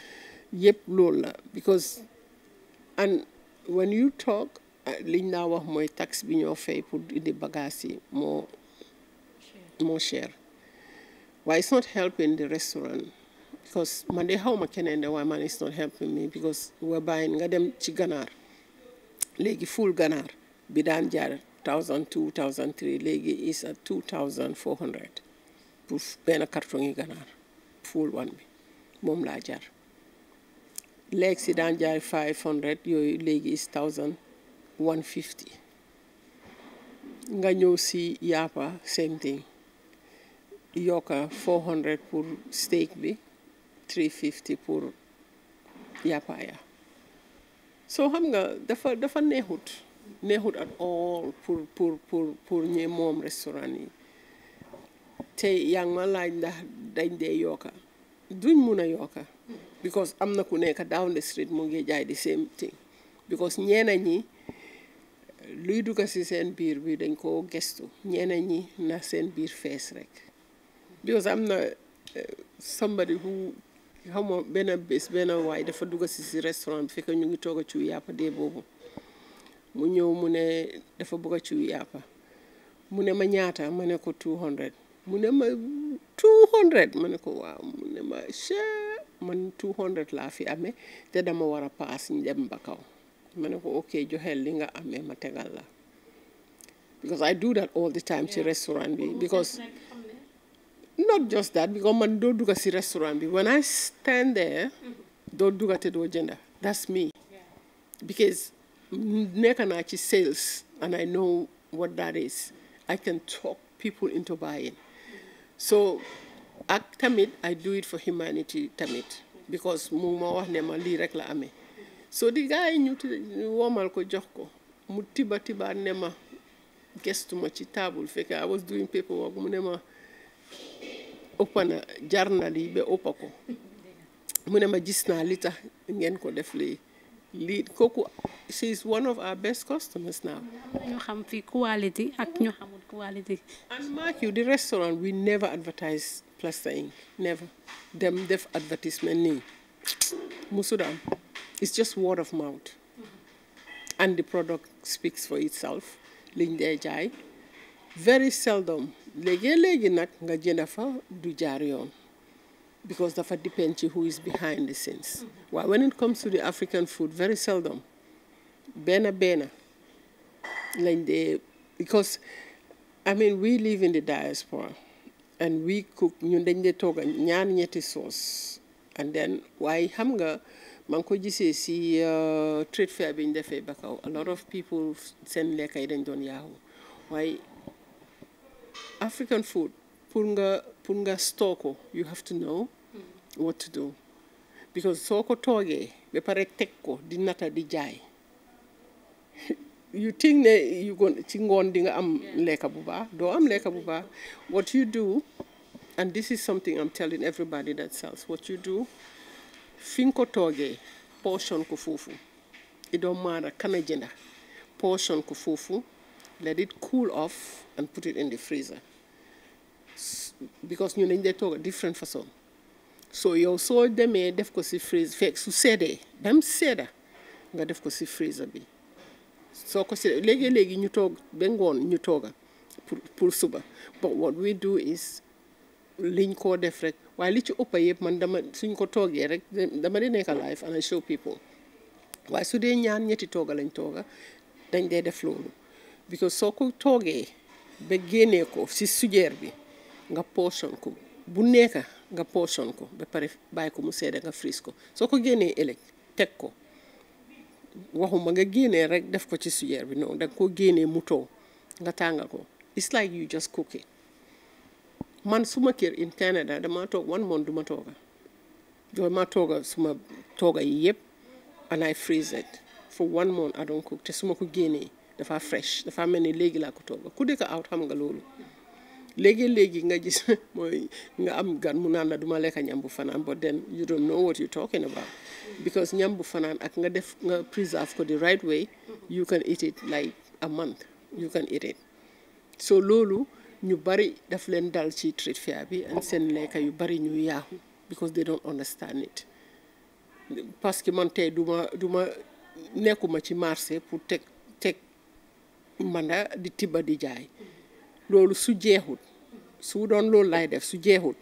yep lola because and when you talk uh, Linda, naa wax mooy taxe bi ñoo fay pour indi bagage more share. Why it's not helping the restaurant because man de how much keneen the waaye man it's not helping me because we're buying nga dem ci full ganar bidan jar. 2000, 2003 legi is at 2400 pour bena carton yi ganaar full one bi moom laa jar léeg si 500 yooyu legi is 1150 nga ñëw si yapa same thing yoka 400 pour steak bi 350 pour ya so xam nga dafa dafa neexut neexut at all pour pour pour pour ñe moom restaurant yi te yaa ngi ma laaj ndax dañ dee yokka duñ mu a yokka because am na ku nekk down the street mu ngi jaay di same thing because ñeena ñi luy duga si seen biir bi dañ koo gestu ñeena ñi na seen biir fees rek because am na eh, somebody who xamoo benn bés benn waay dafa dugga si si restaurant bi fekk ñu ngi toog ci yàpp dee boobu mu ñëw mu ne dafa bugg a ciw yàppa mu ne ma ñaata ma ne ko 200 mu ne ma 200 ma ne ko waaw mu man 200 laa fi amee te dama war a paas ñu ba kaw ma ne ko ok joxeel li nga amee ma tegal la because I do that all the time ci restaurant bi because not just that because man doo dugga si restaurant bi when I stand there mm-hmm. doo dugga te doo jënda that's me because make an archie sales and I know what that is. I can talk people into buying. So ak tamit I do it for humanity tamit because mu ma wax ne ma lii la amee so the guy knew ñu womal ko jox ko mu tiba tiba ne ma gestu ma table fekk I was doing paperwork mu open a ëppa be jar na lii ba ëppa ko mu lead Coco. She's one of our best customers now. quality quality. and mark you the restaurant we never advertise plaster ink never Them def advertisement nii Musudam. it's just word of mouth and the product speaks for itself liñ very seldom léegi léegi nak nga jënd du because dafa depends ci who is behind the scenes Well, when it comes to the African food very seldom benn benn like the. because I mean we live in the diaspora and we cook ñun dañ dee sauce and then why? Hamga, manko maa si uh, trade fair bi the fair ba a lot of people send leka iden dañ doon Why, African food punga punga stoko. you have to know what to do because soo ko toogee ba pare di nata you think that you gonna think one thing i am like bu do i am like bu what you do and this is something I'm telling everybody that sells what you do finko toge, portion kufufu. it don't matter kana portion kufufu. let it cool off and put it in the freezer because you need dee tooga different façon so yow soo demee def ko si freezer fekk su seddee ba mu sedda nga def ko si freezer bi soo ko si léegi léegi ñu toog ba ngoon ñu tooga pour pour suba but what we do is liñ ko def rek waaye li ci ëpp yëpp man dama suñ ko toogee rek dama di nekk live and I show people waaye su dee ñaan ñetti tooga lañ tooga dañ dee def loolu because soo ko toogee ba génnee ko si sujeer bi nga portion ko bu nekka nga portion ko ba pare bàyyi ko mu seede nga frise ko soo ko génnee ëllëg teg ko waxuma nga génnee rek def ko ci suyeer bi noonu danga koo génnee mu toow nga tàngal ko it's like you just cook it man suma kër in Canada dama toog one month duma tooga jooy ma tooga suma tooga yi yëpp and I freeze it for one month I don't cook te suma ko génnee dafa fresh dafa mel ni léegi laa ko tooga ku dëkk out xam nga loolu léegi léegi nga gis mooy nga am gan mu naan la duma lekka ñam bu fanaan but then you don't know what you talking about because ñam bu fanaan ak nga def nga preserve ko the right way you can eat it like a month you can eat it so loolu ñu bari daf leen dal ci street fair bi and seen lekka yu bari ñu yaaxu because they don't understand it parce que man tey duma duma nekkuma ci marché pour teg teg manda di tibba di jaay loolu su jeexut su doon loolu laay def su jeexut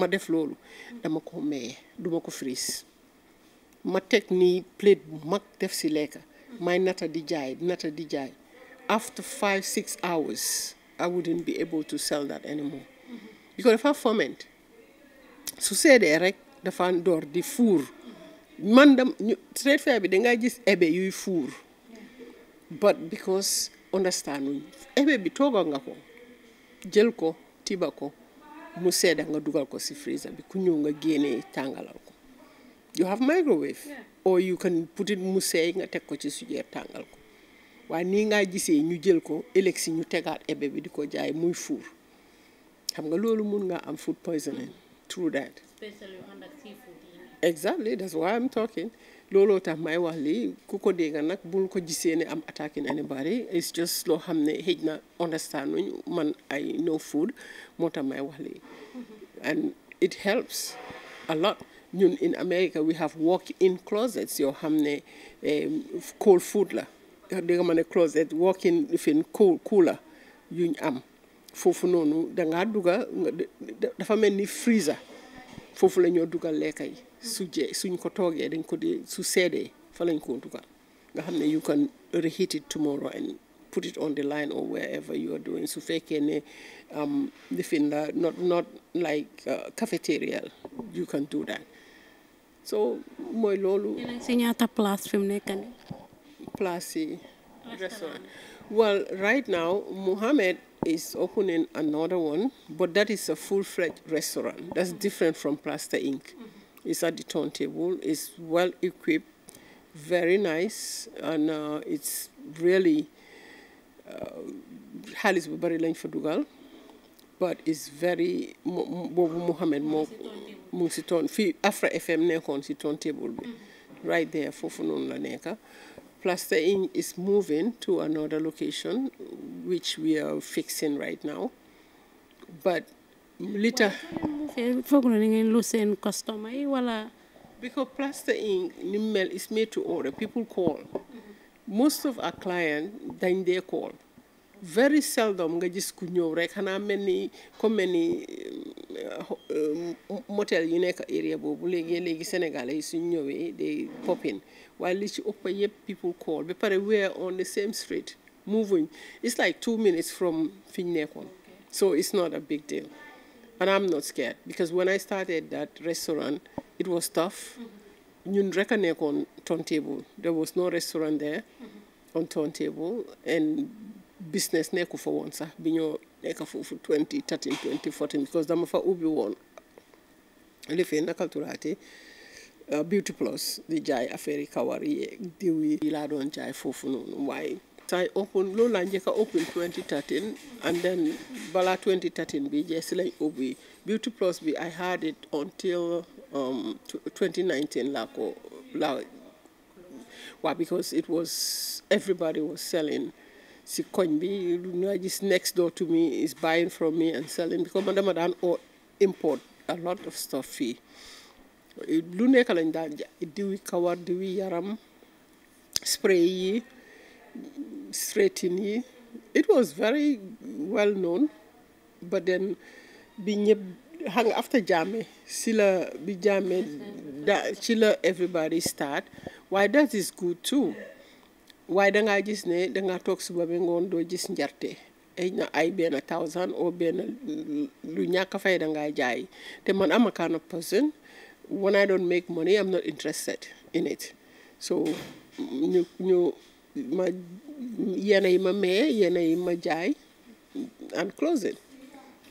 ma def loolu dama ko maye duma ko frise ma teg nii plate bu mag def si lekka may nata di jaay nata di jaay after five six hours I wouldn't be able to sell that anymore because dafa foment su seedee rek dafa door di four. man dam trade fair bi dangay gis ebe yuy four. but because understand ebe bi tooga nga ko jël ko tiba ko mu sedda nga dugal ko si freezer bi ku ñëw nga génnee tàngalal ko you have microwave or you can put it mu seey nga teg ko ci sujeer tàngal ko waaye nii ngaa gisee ñu jël ko ëllëg si ñu tegaat ebe bi di ko jaay muy fuur xam nga loolu mun nga am food poisoning true that exactly that's why I'm talking looloo tax may wax lii ku ko dégg nag bul ko jisee ne am attacking anybody it's just loo xam ne xëj na understand nuñ man ay no food moo tax may wax lii and it helps a lot ñun in America we have walk in closets yoo xam ne cold food la dégg ma ne closet walk in cooler yuñ am foofu noonu dangaa dugga dafa mel ni freezer foofu lañoo ñoo dugal lekka yi su suñ ko toogee dañ ko dee su fa lañ ko nga you can reheat it tomorrow and put it on the line or wherever you are doing su fekkee ne thing um, that not not like uh, cafeteria you can do that so mooy loolu si ñaata place fi mu nekk nii place restaurant well right now Mohammed is opening another one but that is a full-fledged restaurant that's different from Plaster Inc mm-hmm is at the turntable, It's well equipped, very nice, and uh, it's really halis bu bari for dugal but it's very Bobo Mouhamed moo mu ngi si Afra FM nekon si turntable mm-hmm. right there foofu noonu la plus the ink is moving to another location which we are fixing right now but ni ngeen lu seen customer yi wala. because plaster ink ni mel is made to order people call. most of our clients dañ dee call. very seldom nga gis ku ñëw rek xanaa many, ni comme mel um, um, motel yu nekk area boobu léegi léegi Sénégalais yi suñ ñëwee day pop in waaye li ci ëpp yëpp people call ba pare we are on the same street moving it's like two minutes from fi nekkoon so it's not a big deal. And I'm not scared because when I started that restaurant, it was tough. Mm-hmm. You rek on turntable there was no restaurant there mm-hmm. on turntable and business neko for once. sax bi ñoo nekk 20 13 20 14 because dama fa ubi one. li fi na culturati uh, beauty plus di jai affaire kawari kawar yi diw yi laa no why. I opened Lola and njëkk opened 2013 and then balaa 2013 bi just like Obi Beauty Plus bi I had it until um, 2019 laa like laa because it was everybody was selling See, Coin B. You know, this next door to me is buying from me and selling because man dama daan import a lot of stuff fii lu nekk lañ daan jaay diwi yaram spray Straight in here, it was very well known but then being hung after Jammeh si la bi Jammeh everybody start Why that is good too waaye dangaa gis ne dangaa toog suba bi ngoon doo gis njarte ay na ay benn thousand oo benn lu ñàkk fay dangaa jai. The man am a kind of person when I don't make money I'm not interested in it so you ñu ma yenn yi ma maye yenn ma jaay and close it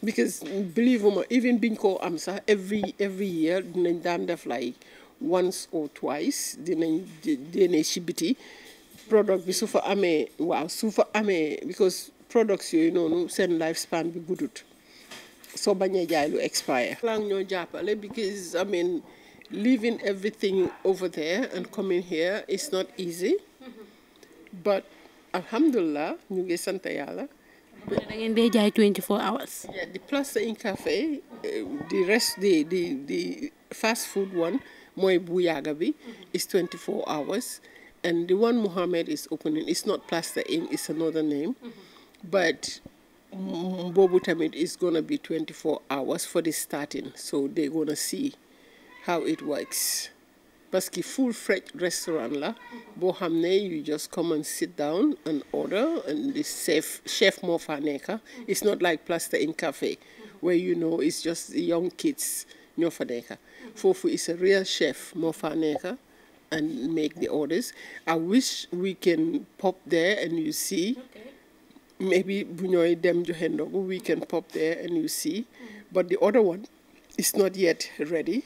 because believe me, even biñ ko am sa every every year dinañ daan def like once or twice dinañ déene ci biti product bi su fa wow, waaw su fa amee because products yooyu noonu seen lifespan bi good. So bañee jaay lu expire lang ñoo jàppale because I mean leaving everything over there and coming here is not easy but alhamdulillah ñu ngi sant yàlla. da ngeen dee jaay 24 hours. yeah the Plaster Inn Cafe eh, the rest the the the fast food one mooy bu bi is 24 hours and the one Muhammad is opening it's not Plaza Inn it's another name but boobu tamit is gonna be 24 hours for the starting so they gonna see how it works parce que full French restaurant la boo you just come and sit down and order and the chef chef moo fa it's not like Plaster in Cafe where you know it's just young kids ñoo fa is a real chef moo fa and make the orders I wish we can pop there and you see maybe bu dem joxe ndogu we can pop there and you see but the other one is not yet ready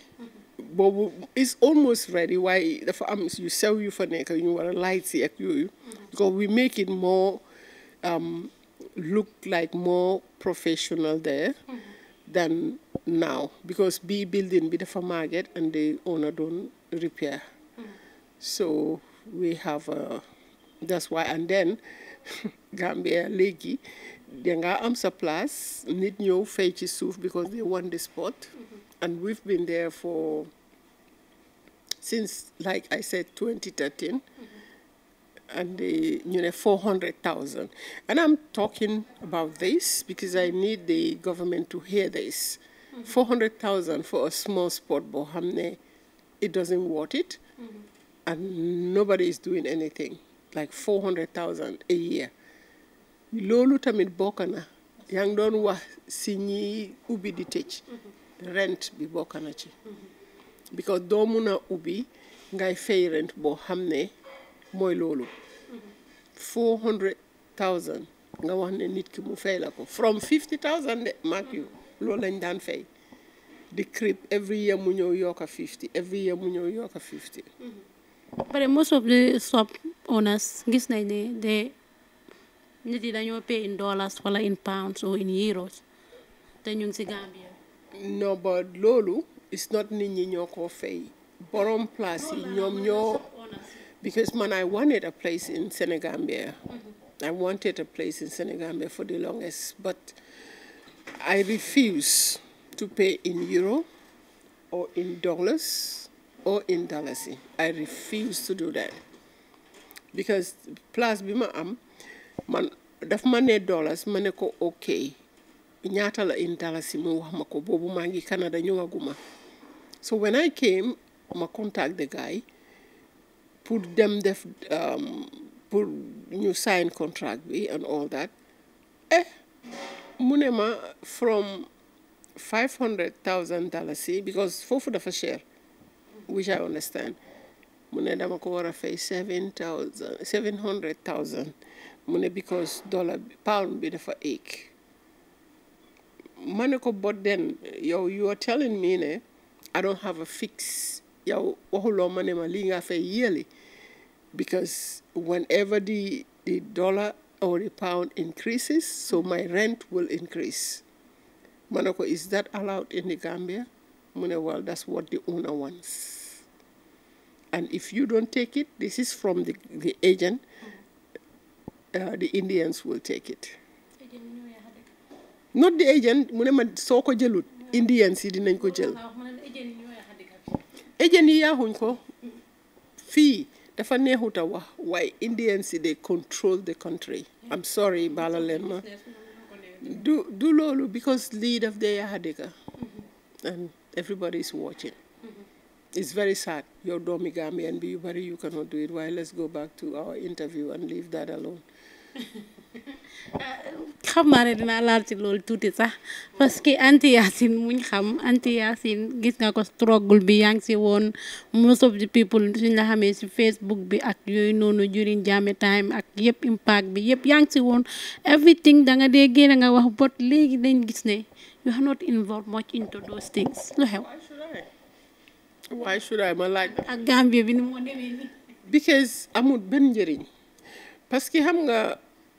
but it's almost ready Why the farms you sell you for nekk You want a light here, you? because we make it more um, look like more professional there mm-hmm. than now because be building be the farm market, and the owner don't repair mm-hmm. so we have a that's why and then Gambia Legi, they am sa place need ñëw fay soup because they want the spot mm-hmm. and we've been there for since, like I said, 2013, mm -hmm. and the, you know, 400,000. And I'm talking about this because I need the government to hear this. Mm -hmm. 400,000 for a small sport, Bohamne, it doesn't worth it. Mm -hmm. And nobody is doing anything, like 400,000 a year. loolu tamit bokana, yang yaa ngi doon wax di rent bi bokk because doo mun a ubbi ngay fay rent boo xam ne mooy loolu four nga wax ne nit ki mu fay la ko from fifty thousand de maak yu loolu lañ daan fay di crib every year mu ñëw yokk a every year mu ñëw yokk a fifty pare mm-hmm. most of the shop owners gis nañ de nit yi dañoo pay in dollars wala in pounds or in euros te ñu si Gambia non loolu it's not ñi ñoo coffee, borom place yi because man I wanted a place in Senegambia I wanted a place in Senegambia for the longest but I refuse to pay in euro or in dollars or in dollars I refuse to do that because plus bi ma am man daf ma dollars ma ne ok ñaata la in dollars mu wax ma ko Canada maa ngi so when I came, I'm going to contact the guy, put them, the um, put new sign contract and all that. Eh, munema from $500,000 because the first share, which I understand. mu ne dama ko seven thousand seven hundred thousand mu because dollar pound be the for ma ne but then yo you are telling me ne I don't have a fix. Yo, yearly, because whenever the the dollar or the pound increases, so my rent will increase. Monaco, is that allowed in the Gambia? Mune, well, that's what the owner wants. And if you don't take it, this is from the, the agent, uh, the Indians will take it. Not the agent, mune ma soko jelut, Indians yi dinañ ko ejeni yahuñ ko fii dafa neexut a wax Indians they control the country I'm sorry baala Do do du because lead of the yaa and everybody is watching it's very sad yow doomi and be yu bari you cannot do it Why? let's go back to our interview and leave that alone Euh, xam naa ne dinaa laal si loolu tuuti sax parce que anti yaasin muñ xam anti yaasin gis nga ko struggle bi yaa ngi si woon most of the people suñ la xamee si Facebook bi ak yooyu noonu during Jammeh time ak yëpp impact bi yëpp yaa ngi si woon everything da nga dee génn nga wax bot léegi dañ gis ne you are not involved much lu xew. waaye suraay ak Gambie bi ni moo demee nii. because amul benn njëriñ parce xam nga.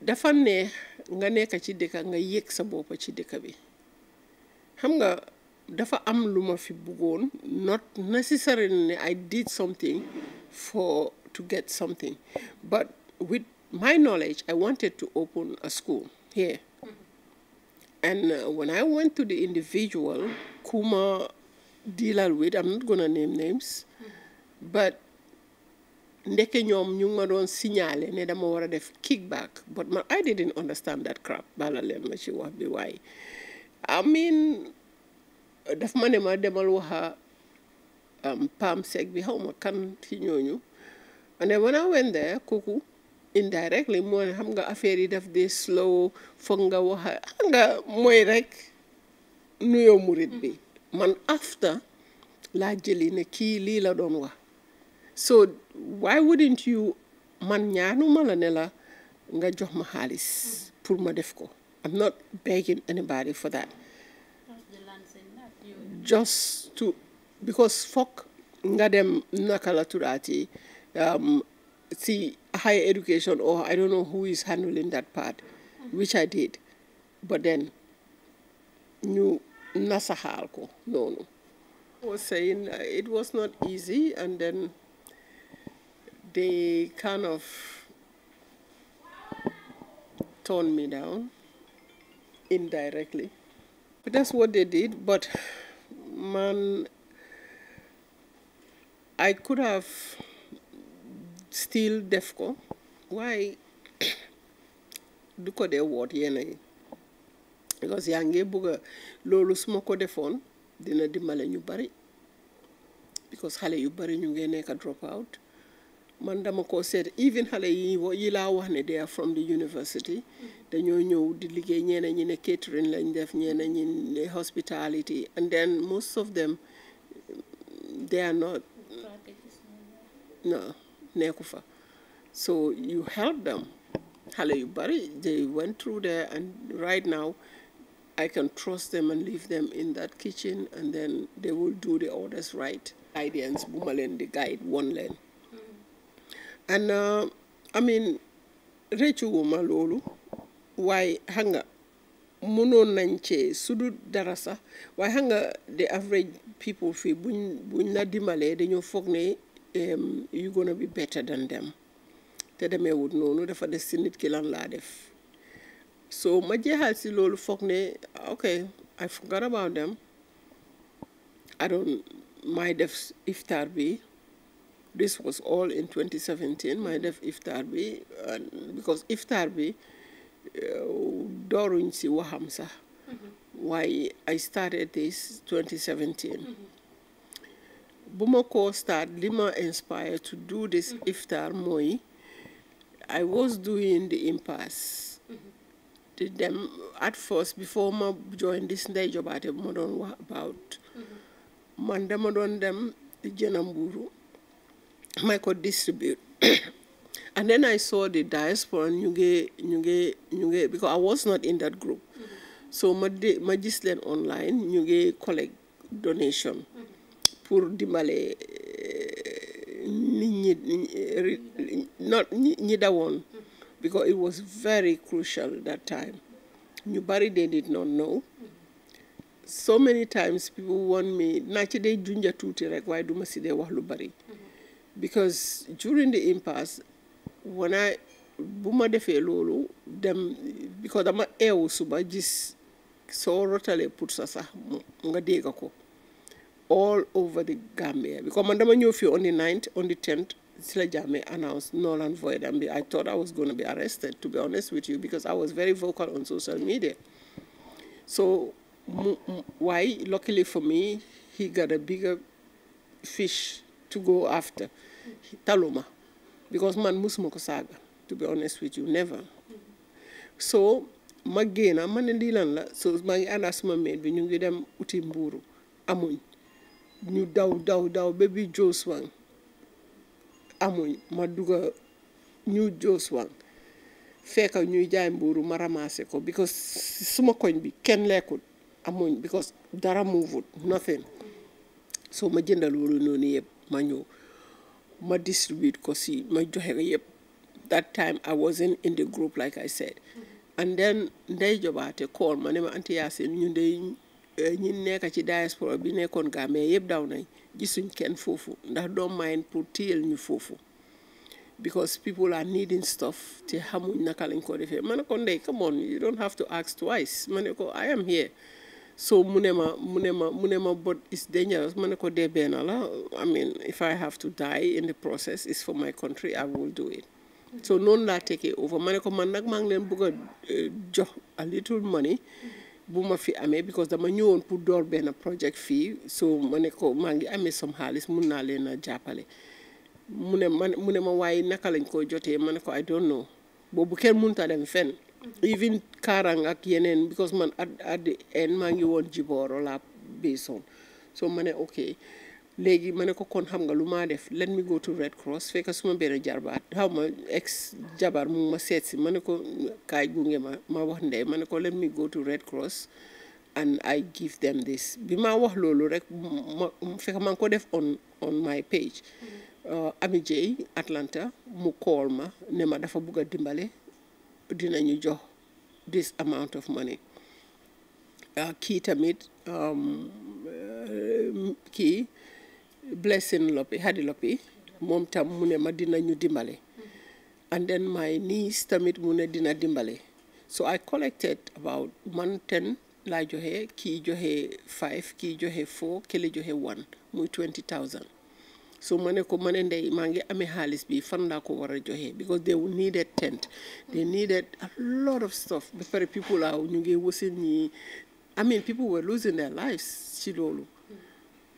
dafa ne nga nekk ci dëkka nga yëg sa bopp ci dëkka bi xam nga dafa am lu ma fi bëggoon not necessarily ne I did something for to get something but with my knowledge I wanted to open a school here and uh, when I went to the individual kuma dealer with I'm not gonna name names but ndeke ñoom ñu ma doon signaler ne dama war a def kickback but man I didn't understand that crap bala leen ma ci wax bi waaye I mean daf ma ne ma demal waxa um, PAM sec bi xaw ma kan ci ñooñu and then when I went there kooku indirectly moo ne xam nga affaire yi daf dee slow foog nga waxa xam nga mooy rek nuyoo murit bi mm. man after laa jëli ne kii lii la doon wax so why wouldn't you man ñaanuma la ne la nga jox ma xaalis pour ma def ko I'm not begging anybody for that just to because fuck nga dem naka la turaati um, si higher education or I don't know who is handling that part which I did but then ñu nasaxaal ko noonu was saying uh, it was not easy and then they kind of turned me down indirectly. But that's what they did. But man, I could have still DEFCO. Why? Duko de what yene. Because yange buga lolu smoko defon dina dimale ñu Because Hale yubari bari ka drop out man dama ko seet even xale yi yi laa wax they are from the university dañoo ñëw di liggéey ñeena ñi ne catering lañ def ñeena ñi hospitality and then most of them they are not no nekku fa so you help them xale yu bari they went through there and right now I can trust them and leave them in that kitchen and then they will do the orders right guidance bu ma leen di guide one leen and uh, I mean réccuwuma loolu Why? xam nga mënoon nañ cee sudut dara sax waaye the average people fii buñ buñ la dimbalee dañoo foog ne you gonna be better than them te demeewut noonu dafa des si for the lan laa ladef. so ma jeexal si loolu foog ne ok I forgot about them I don't may def iftar be. This was all in 2017, my def iftar bi because iftar bi uh, dooruñ si waxam sax mm-hmm. I started this 2017 mm-hmm. bu ma ko start li ma inspire to do this mm-hmm. iftar mooy I was doing the impasse di dem at first before ma join this day job bu ma doon about man dama doon dem di jëna distribute, and then I saw the diaspora Nyuge, Nyuge, Nyuge, because I was not in that group. Mm -hmm. So my Gislen online, Nyuge collect donation mm -hmm. pour dimbale eh, not neither one because it was very crucial that time. Nobody they did not know. So many times people want me, naturally, Junja Tuti, like, why do I see they were because during the impasse when I because I'm suba gis so rotalee pour sa nga dégga ko all over the Gambia because man dama ñëw fii on the ninth on the tenth si la jàmmee null Nolan Void and I thought I was going to be arrested to be honest with you because I was very vocal on social media so why luckily for me he got a bigger fish to go after taluma because man musuma ko saaga to be honest with you never so ma génna ma ne lii la so maa ngi àndaa suma mail bi ñu ngi dem uti mbuuru amuñ ñu daw daw daw ba bi Joswang amuñ ma dugga ñu Joswang fekk ñuy jaay mbuuru ma ramassé ko because suma koñ bi kenn lekkul amuñ because dara moovut nothing so ma jëndal loolu noonu yëpp ma ñëw ma distribute ko si ma joxe ko that time I wasn't in the group like I said mm-hmm. and then Ndeye Jobaate call ma ne ma anti Yaasin ñu dey eh, ñi nekk ci diaspora bi nekkoon Gambie yëpp daw nañ gisuñ kenn foofu ndax doom mayen pour téyel ñu foofu because people are needing stuff te xamuñ naka lañ ko defee ma ne ko Ndeye come on you don't have to ask twice ma ne ko I am here so mu ne ma mu ne ma mu ne ma but it's dangerous ma ne ko dee benn la I mean if I have to die in the process it's for my country I will do it so noonu laa tekee over ma ne ko man nag maa ngi leen bëgg a eh, jox a little money bu ma fi amee because dama ñëwoon pour door benn project fii so ma ne ko maa ngi amee some xaalis mun naa leen a jàppale mu ne ma mu ne ma waaye naka lañ ko jotee ma ne ko I don't know boobu kenn mënut a dem fenn even Karang ak yeneen because man at at maa ngi woon Jibooro laa beesoon so ma ne ok léegi ma ne ko kon xam nga lu maa def let me go to Red Cross fekk suma benn jarbaat xaw ma ex jabar mu ma seet si ma ne ko kaay gunge ma ma wax ndey ma ne ko let me go to Red Cross and I give them this bi ma wax loolu rek ma fekk maa ngi ko def on on my page mm-hmm. uh, Ami Jay Atlanta mu call ma ne ma dafa bugg a dimbale dinañu jox this amount of money uh, kii tamit um uh, kii blessing loppi hadi loppi mom tam mu ne ma dinañu dimbale and then my niece tamit mu ne dina dimbale so I collected about man ten laa joxe kii joxe five kii joxe four kële joxe one muy twenty thousand so ma ne ko ma ne ndey maa ngi amee bi fan laa ko war joxe because they will needed tent they needed a lot of stuff ba people are ñu ngi wasin ñi I mean people were losing their lives ci loolu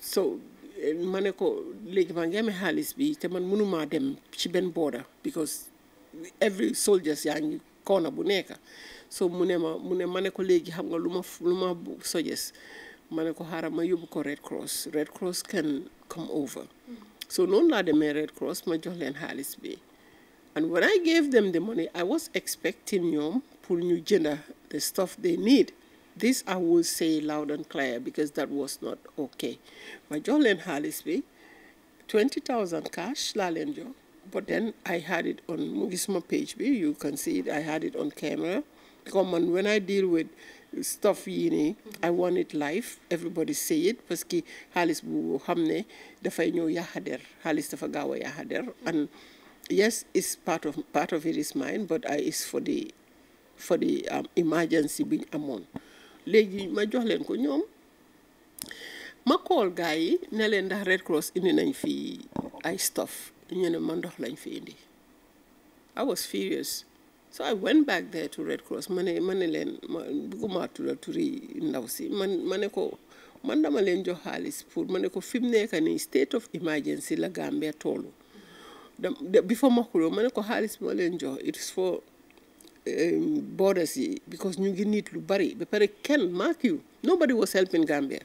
so eh, ma ne ko léegi maa ngi amee bi te man mënumaa dem ci benn border because every soldiers yaa ngi koona bu nekk so mune ma mune ne ma ne ko léegi xam nga lu ma suggest ma ko xaaral ma yóbbu ko Red Cross Red Cross can come over so no laa the Red Cross my jox leen xaalis and when I gave them the money I was expecting them pull ñu jënda the stuff they need this I will say loud and clear because that was not okay ma and Harris xaalis 20000 cash laa but then I had it on mu page you can see it I had it on camera Come on, when I deal with stuff you know, I want it live everybody say it parce que xaalis bu xam ne dafay ñëw yàqa der xaalis dafa gaaw a and yes it's part of part of it is mine but I is for the for the um, emergency biñ amoon léegi ma jox leen ko ñoom ma call guy yi ne leen ndax Red Cross indi nañ fii ay stuff ñu ne ma ndox lañ fi indi I was furious so I went back there to Red Cross Mane, mane len, ne ma turi ndaw si man ma ko man dama leen jox xaalis pour ma ko fi mu ni state of emergency la Gambia toolu Before makuru, ma xuloo ma ko xaalis bi jox it is for um, borders yi because ñu ngi nit lu bari ba pare Ken, mark you nobody was helping Gambia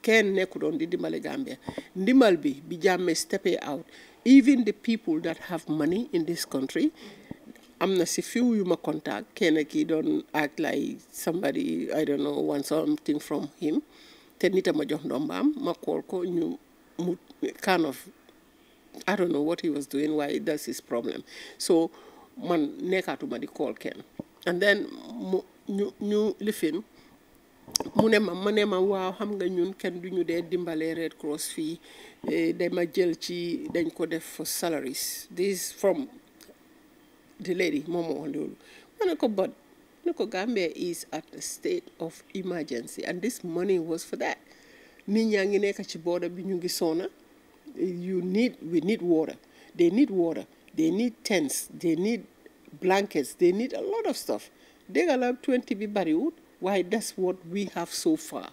Ken nekku doon di dimbale Gambia ndimbal bi bi jàmmee out even the people that have money in this country am na si few yu ma contact kenn ki doon act like somebody I don't know want something from him te nit a ma jox ndombaam ma call ko ñu mu kind of I don't know what he was doing why that's his problem so man nekkaatuma di call kenn and then mu ñu ñu lifin mu ne ma mu ne ma waaw xam nga ñun kenn duñu dee dimbale Red Cross fii eh, dama jël ci dañ ko def for salaries this from the lady momo moo wax loolu but ne Gambia is at a state of emergency and this money was for that you need we need water they need water they need tents they need blankets they need a lot of stuff got la 20 bi bariwut Why? that's what we have so far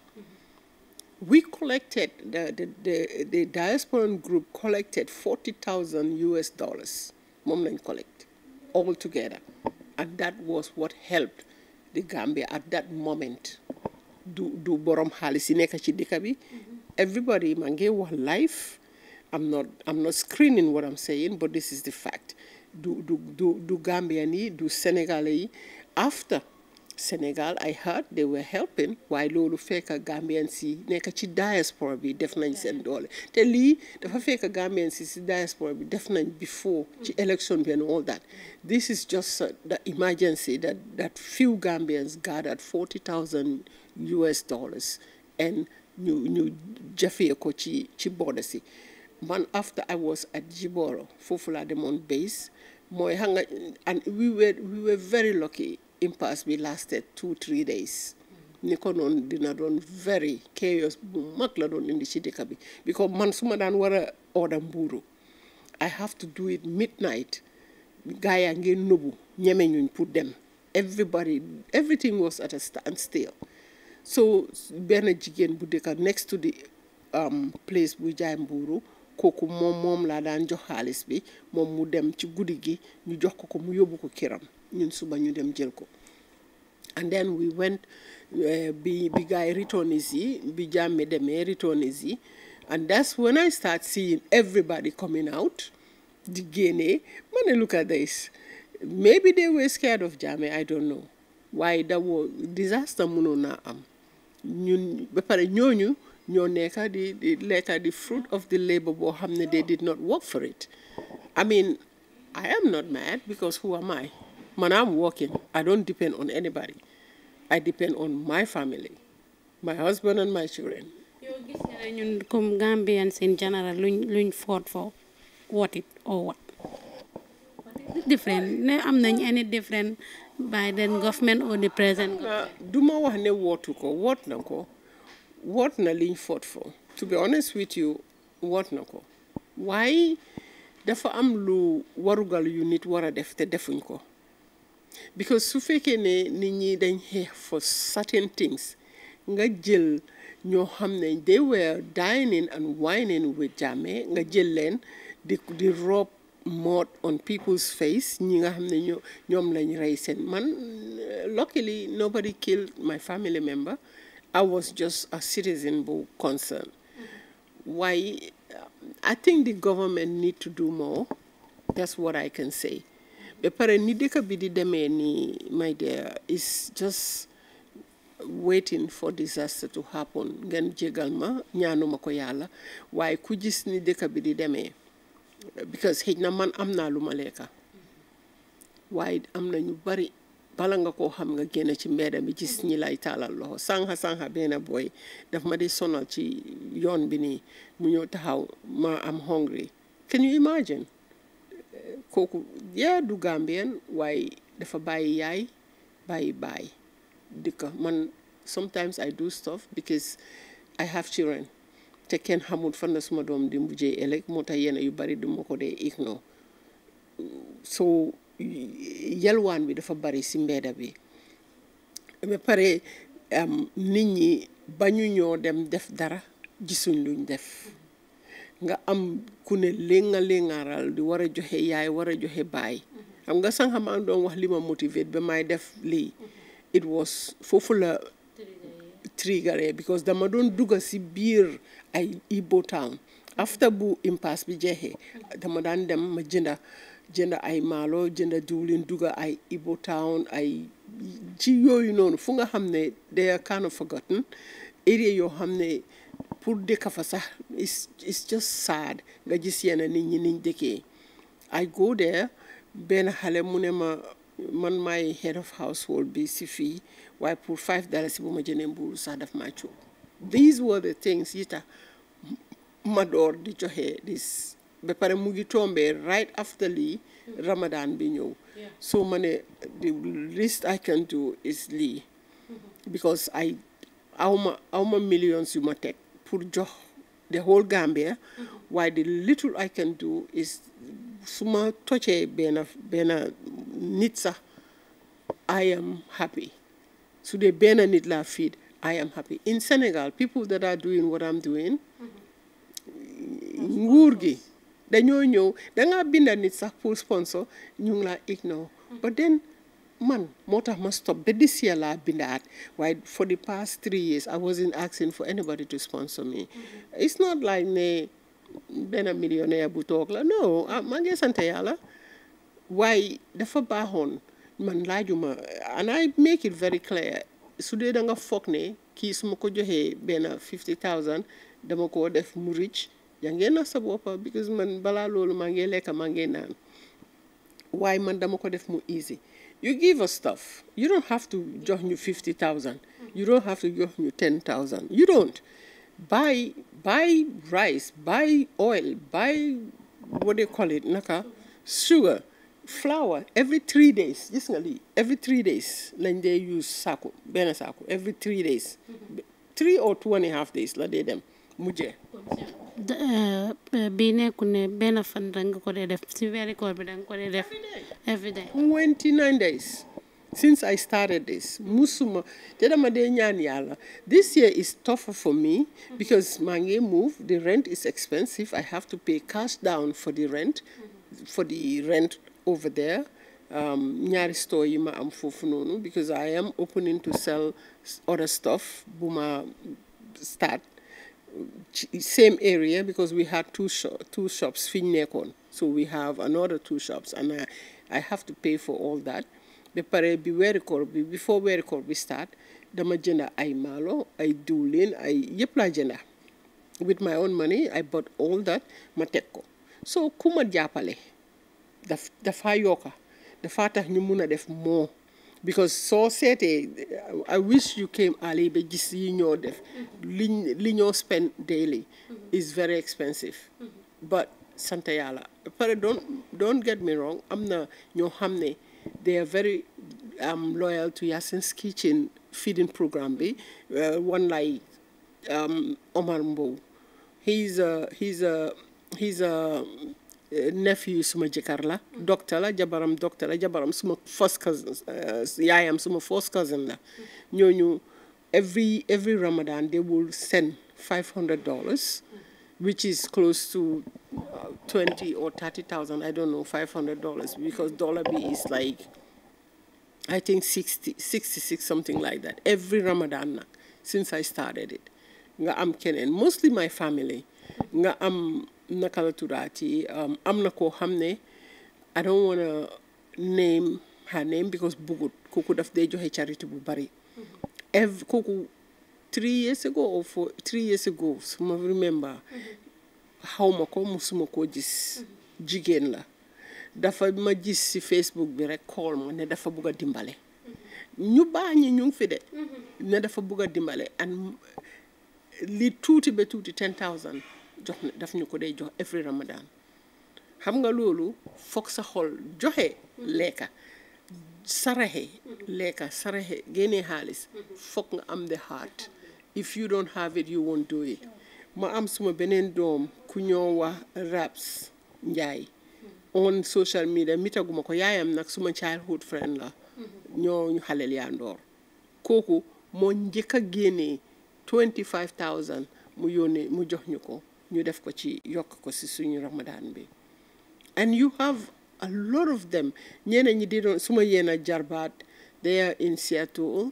we collected the, the, the, the diasporan group collected 40,000 US dollars. Mom collect all together. And that was what helped the Gambia at that moment. Do do borom xaalis yi ci bi. Mm-hmm. everybody maa ngi life I'm not I'm not screening what I'm saying but this is the fact Do do do du Gambien yi do Sénégalais after. Sénégal I heard they were helping waaye loolu fekk Gambian si nekk diaspora be definitely send all. The te lii dafa fekk diaspora be definitely before the mm. election be and all that this is just the emergency that that few Gambians gathered forty thousand US dollars and new ñu jafee ko ci man after I was at Jiboro full laa demoon base and we were we were very lucky impasse bi lasted two three days ni ko noonu dina doon very chaos bu mag la doon indi ci bi because man su ma daan war a mbuuru I have to do it midnight gaa ngi ngeen nëbbu ñemeñuñ pour dem everybody everything was at a standstill so benn jigéen bu dëkk next to the um, place bu jaay mbuuru kooku moom moom laa daan jox xaalis bi moom mu dem ci guddi gi ñu jox ko ko mu yóbbu ko kiram ñun suba ñu dem jël ko and then we went eh, bi bi gars yi returnees yi bi jàmme demee returnees and that's when I start seeing everybody coming out di génnee ma ne look at this maybe they were scared of Jammeh I don't know waaye was disaster mënoon naa am ñun ba pare ñooñu ñoo nekka di di lekka di fruit of the labour boo xam ne they did not work for it I mean I am not mad because who am I when I'm working, I don't depend on anybody. I depend on my family, my husband and my children. yow gis nga ne Gambians in general luñ luñ fought for what it or what. different ne am any different by the government or the present. du ma wax ne what ko What na What woot na liñ fought for to be honest with you what na Why? waaye dafa am lu warugal yu nit war a def te defuñ because su fekkee ne nit ñi dañ xeex for certain things nga jël ñoo xam ne they were dining and wining with Jammeh nga jël leen di di rob mud on people's face ñi nga xam ne ñoo ñoom lañ rey seen man luckily nobody killed my family member I was just a citizen bu concern Why? I think the government need to do more that's what I can say ba e pare ni dëkk bi di demee ni my dear is just waiting for disaster to happen ngeen jégal ma ñaanuma ko yàlla waaye ku gis ni dëkk bi di demee because xëj na man am naa lu ma lekka waaye am na ñu bari bala nga koo xam nga génn ci mbedd bi gis ñi lay taalal loxo sànqa sànqa benn booy daf ma di sonal ci yoon bi nii mu ñëw taxaw ma am hungry can you imagine kooku yaa du gambien waaye dafa bàyyi yaay bàyyi baay dëkka man sometimes I do stuff because I have children te kenn xamul fan na suma doom di mujjee ëllëg moo tax yenn yu bari duma ko dee ignore so yalwaan bi dafa bari si mbedda bi ba pare um, nit ñi bañu ñoo dem def dara jisuñ luñ def nga am ku ne léeg nga léegaaral di war a joxe yaay war a joxe baay xam nga sànq maa doon wax li ma motivate ba may def lii it was foofu la triggeré because dama doon dugga si biir ay Igbo town after bu impasse bi jeexee dama daan dem ma jënda jënda ay maalo jënda diwlin dugga ay Igbo town ay ci yooyu noonu fu nga xam ne they are forgotten area yoo xam ne pour dëkk fa sax it's it's just sad nga gis yenn nit ñi niñ dëkkee I go there benn xale mu ne ma man maay head of household bi si fii waaye pour five dalasi bu ma jëndee mbuuru sax daf maa coow these were the things yi tax ma door di joxe this ba pare mu ngi tombee right after lii Ramadan bi ñëw so ma ne the least I can do is lii mm-hmm. because I ma awma ma millions yu ma teg pour jox the whole Gambia why the little I can do is suma touche bena bena nitsa, I am happy So the bena nit laa feed I am happy in Senegal people that are doing what I'm doing nguur gi dañoo ñëw nga binda nit sax pour sponsor ñu ngi laa ignore but then man motor must stop But this year I've been at why for the past three years I wasn't asking for anybody to sponsor me mm-hmm. it's not like ne been a millionaire but talk. no i maa ngi sant yàlla waaye dafa bahon man laajuma and I make it very clear su dee da nga foog ne kii su ma ko joxee 50000 dama koo def mu rich yaa na nax sa because man balaa loolu maa ngi lekk maa ngi man dama ko def mu easy you give us stuff. You don't have to join you 50,000. You don't have to join you 10,000. You don't. Buy, buy rice, buy oil, buy what do you call it, naka, sugar, flour every three days. This every three days. Then they use sako, bena sako, every three days. Three or two and a half days, la them. Muje. Eh, eh, bi kune ne benn ko def si ko def every day twenty nine days since I started this musuma te dama dee ñaan yàlla this year is tougher for me because maa move the rent is expensive I have to pay cash down for the rent for the rent over there ñaari um, store yi ma am because I am opening to sell other stuff Buma start same area because we had two sh two shops Finnecon. So we have another two shops, and I, I have to pay for all that. The pare be very koor before very koor start dama jënda ay malo ay diwlin ay yep laa jënda with my own money I bought all that ma ko so ku ma the daf dafa yokka dafa tax ñu mun def because soo said I wish you came early but just yi ñoo def liñ spend daily is very expensive but Santa Yala, but don't don't get me wrong am the your hamne. they are very um, loyal to Yasin's Kitchen feeding programme bi uh, one like um, Omar he's a he's a he's a nephew suma jëkkër la docteur la jabaram docteur la jabaram suma first cousin euh, yaayam suma first cousin la ñooñu every every Ramadan they will send five hundred dollars which is close to uh, 20 or 30,000, I don't know, $500 because dollar B is like, I think 60, 66, something like that. Every Ramadan since I started it. I'm Kenyan. mostly my family. am naka la tuddaati um, am na koo xam ne I don't wanna name her name because bugut kooku daf dee joxe charity bu bari mm-hmm. ev kooku three years ago or four three years ago suma remember mm-hmm. xawma ko musuma koo gis mm-hmm. jigéen la dafa ma gis ci Facebook bi rek call ma ne dafa bugg a dimbale ñu baañi ñu ngi fi de ne dafa bugg a dimbale and li tuuti ba tuuti ten thousand jox na daf ñu ko day jox every Ramadan xam nga loolu foog sa xol joxe lekka saraxe lekka saraxe génne xaalis foog nga am the heart if you don't have it you won't do it ma am suma beneen doom ku ñoo wax raps njaay on social media mitaguma ko yaayam nag suma childhood friend la ñoo ñu xaleel yaa ndoor kooku moo njëkk a génnee 25000 mu yónnee mu jox ñu ko ñu def ko ci yokk ko suñu bi and you have a lot of them ñeneen ñi di suma yena a they are in Seattle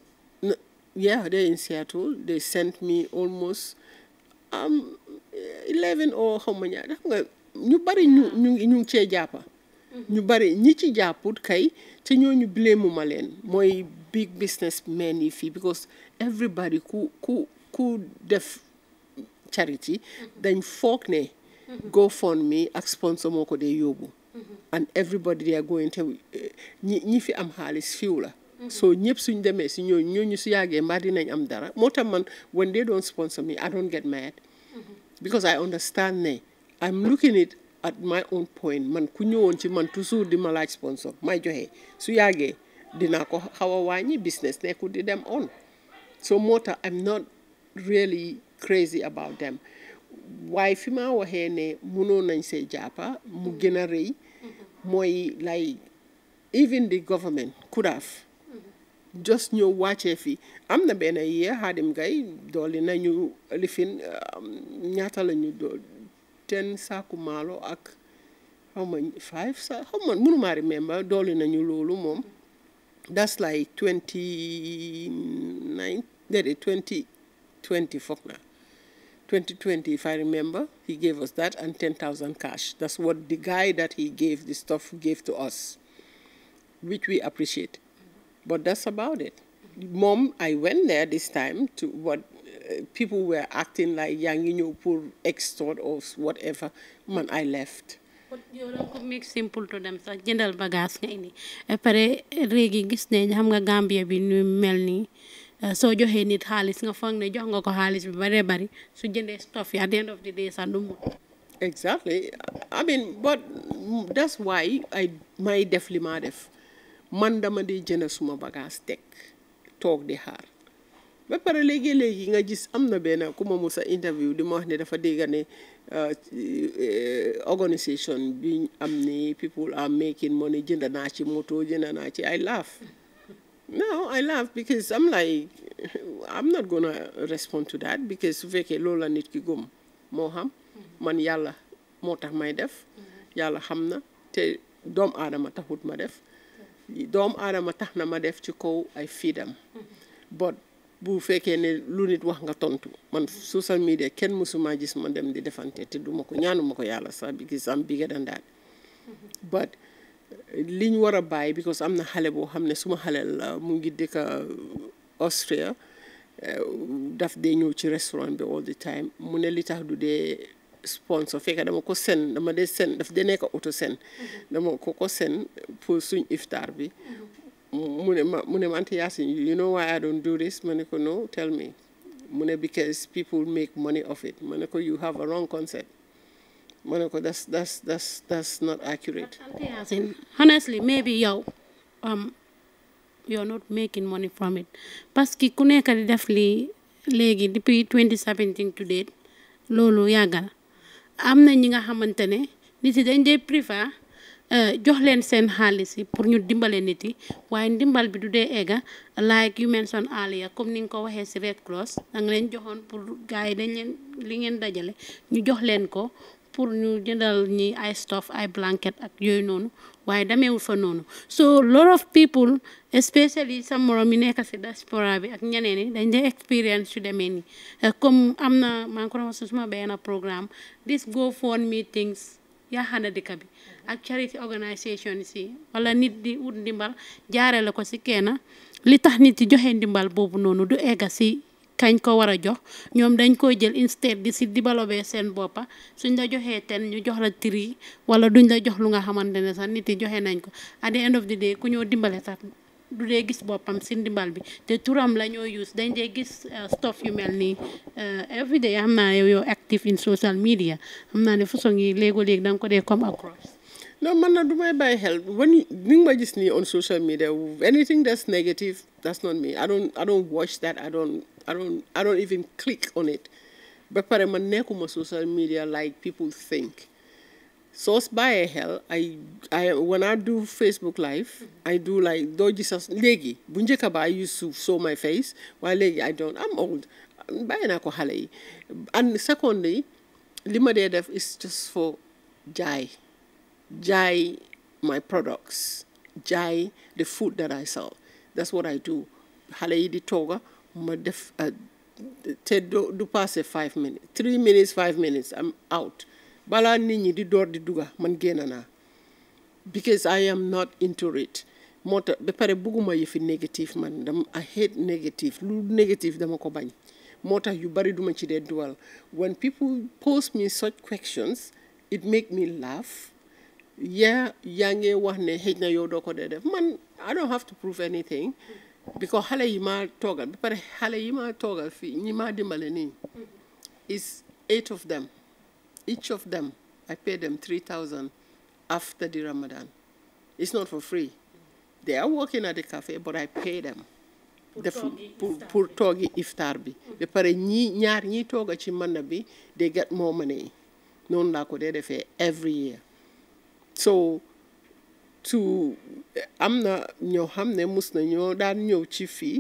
yeah they are in Seattle they sent me almost um eleven or how many ñaar nga ñu bari ñu ñu ñu ngi mm-hmm. ñu bari ñi ci jàpput kay te ñooñu blame ma leen mooy big business men yi fii because everybody ku ku ku def charity dañ go ne me ak sponsor moo ko dee and everybody they are going to. Eh, ñi am halis fiw so ñëpp suñ demee si ñooñu ñooñu madina yàggee mbaa am dara Motaman man when they don't sponsor me I don't get mad because I understand ne I'm looking it at my own point man kunyo onchi man tusu di ma sponsor may johe su yàggee dinaa ko xaw a business ne kudi dem on so mota I'm not really crazy about them Why fi maa waxee ne mënoon nañ see jàppa mm-hmm. mm-hmm. Moi a like even the government could have mm-hmm. just ñëw wàccee i am na benn yee xaadim gay na new lifin ñaata new dool ten saaku ak how many five sa xaw ma remember remember na new lulu mom. that's like twenty nine déedéet twenty twenty four foog na 2020, if I remember, he gave us that and 10,000 cash. That's what the guy that he gave the stuff gave to us, which we appreciate. But that's about it. Mom, I went there this time to what uh, people were acting like young, you know, poor extort or whatever. Man, I left. yow danga make simple to them. sax jëndal bagage Gambia bi Eh, soo joxee nit xaalis nga foog ne jox nga ko xaalis bi bare bari su jëndee stuff yi at the end of the day sax du mu exactly I may def li maa def man dama di jënd suma bagaas teg toog di xaar ba pare léegi-léegi nga gis am na benn ku ma a interview di ma wax ne dafa dégg ne eh, organisation bi am ni people are making money jënd naa ci moto jënd naa ci ay laaf No, I laugh because I'm like, I'm not going to respond to that because su fekkee loolu la Moham, ki Mota moo xam mhm. man yàlla moo may def mhm. yàlla xam na te dom aadama taxut ma def doom aadama tax na ma def ci kaw ay fiidam mhm. but bu fekkee ne lu nit wax nga tontu man social media ken musuma gis ma dem di defante te duma ko ñaanuma ko yàlla sax because I'm bigger than that but liñ war a bàyyi because am na xale boo xam ne suma xaleel la mu ngi dëkk uh, Austria uh, daf dee ñëw ci restaurant bi all the time mu ne li tax du dee sponsor fekk dama ko sen dama dee sen daf dee nekk auto sen mm-hmm. dama ko ko sen pour suñ iftaar bi mm-hmm. mu ne ma mu ne Yaasin you know why I don't do this ma ne ko no tell me mu ne because people make money of it ma ne ko you have a wrong concept ma ne ko that's that's that's that's not yow um you're not making money from it parce que ku nekk di def lii léegi depuis 2017 to date loolu yàggal am na ñi nga xamante ne nit yi dañ dee préfère eh, jox leen seen xaalis yi pour ñu dimbale nit yi waaye ndimbal bi du dee egga like you mentioned earlier comme ni nga ko waxee si Red Cross da nga leen joxoon pour gars yi dañ leen li ngeen dajale ñu jox leen ko pour ñu jëndal ñi ay stuff ay blanket ak yooyu noonu waaye demeewul fa noonu so lot of people especially sa morom yi nekk si diaspora bi ak ñeneen dañ dee experience su demee nii eh, comme am na maa ngi ko doon suma benn programme this go meetings yaa xana dëkk bi ak charity organisation si wala nit di ut ndimbal la ko si kenn li tax nit di joxe ndimbal boobu noonu du egga si kañ ko wara jox ñom dañ koy jël instead di ci dibalobé sen bopa suñ la joxé ten ñu jox la tri wala duñ la jox lu nga xamantene sax nit yi joxé nañ ko at the end of the day ku ñoo dimbalé sax du dé gis bopam sin dimbal bi te turam la ñoo use dañ dé gis uh, stuff yu melni. Uh, every day hamna yo yo active in social media hamna na né fu songi légo lég da ko dé comme across No, man, do bay bay help. When you gis ni on social media, anything that's negative, that's not me. I don't, I don't watch that. I don't I don't I don't even click on it. But para manekuma social media like people think. Source by hell, I I when I do Facebook Live, mm -hmm. I do like do sus legi. kaba I used to show my face, while legi I don't. I'm old. By na ko halei. And secondly, lima def is just for jai. Jai my products. Jai the food that I sell. That's what I do. Halei di toga ma def ah, te do du passé five minutes three minutes five minutes i am out Bala nit di door di duga man génn because I am not into it moo be pare buguma yëfi negative man dama I hate negative. lu négatif dama ko bañ moo tax yu bari duma ci dee dugal when people post me such questions it make me laugh yeah yange ngee wax ne xëj na yow doo ko dee def man I don't have to prove anything because hale yi toga but hale pare toga fi ma toogal ñi ma is eight of them each of them I pay them three thousand after the Ramadan it's not for free they are working at the cafe but I pay them the food, pour toogi iftar bi mm. ba pare ñii ñaar ñiy tooga ci na bi they get more money noonu laa ko dee every year so to amna ñoo xam ne mus na ñoo daan ñëw ci fii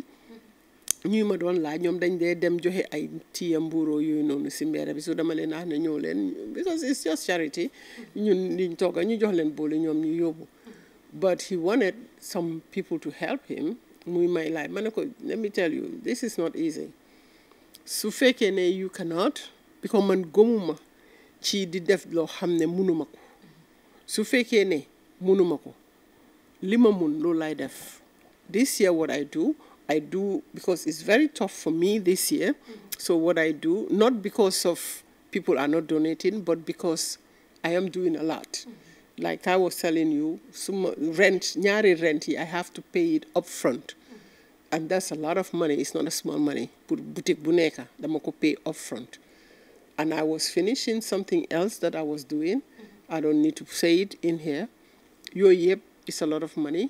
ñuy ma doon laaj ñoom dañ dee dem joxe ay tiya mbuuro yooyu noonu si mbeere bi su dama leen ax ñëw leen because it's just charity ñun liñ tooga ñu jox leen boole ñoom ñu yóbbu but he wanted some people to help him muy may laaj ma ne ko let me tell you this is not easy su fekkee ne you cannot because man gëmuma ci di def loo xam ne ko su fekkee ne Munumako, lima mun def this year what I do I do because it's very tough for me this year so what I do not because of people are not donating but because I am doing a lot like I was telling you some rent nyari rent I have to pay it up front and that's a lot of money it's not a small money boutique bu nekk dama ko pay up front and I was finishing something else that I was doing I don't need to say it in here yooyu yëpp is a lot of money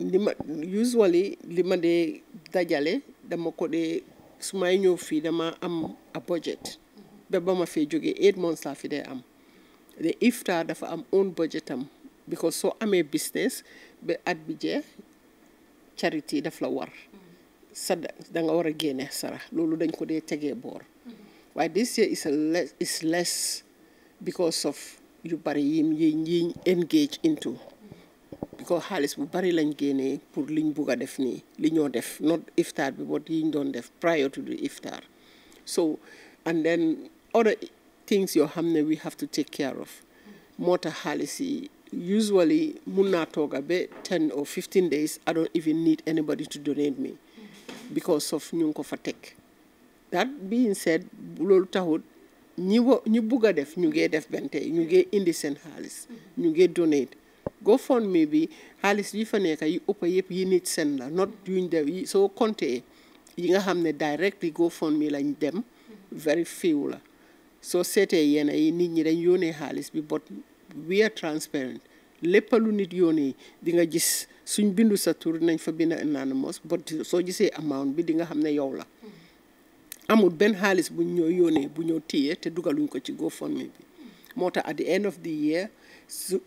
li ma usually li ma dee dajale dama ko dee su may ñëw fii dama am a budget ba ba ma fee jógee eight months laa fi dee am de iftar dafa am own budget am because soo amee business ba at bi jeex charity daf la war sa da nga war a génne sara loolu dañ ko dee tegee boor waaye this year is a less is less because of yu bari yim yi ñi engage into because xaalis bu bari lañ génnee pour liñ bugg a def nii li ñoo def not iftar bi but yiñ doon def prior to the iftar so and then other things yoo xam ne we have to take care of moo tax xaalis yi usually mun naa tooga ba ten or fifteen days I don't even need anybody to donate me because of ñu ngi ko fa teg that being said loolu taxut ñi wo ñi bugg a def ñu ngee def bente ñu ngee indi seen xaalis ñu ngee donate GoFundMe bi xaalis yi fa nekk yi ëpp yëpp yi nit seen la not yuñ def yi soo compter yi nga xam ne directly GoFundMe lañ dem very few la soo seetee yenn yi nit ñi dañ yónnee xaalis bi but we are transparent lépp lu nit yónnee di nga gis suñ bindu sa tur nañ fa bind anonymous but soo gisee amount bi di nga xam ne yow la amul benn xaalis buñ ñoo yónnee bu ñoo téye te dugaluñ ko ci GoFundMe bi moo tax at the end of the year su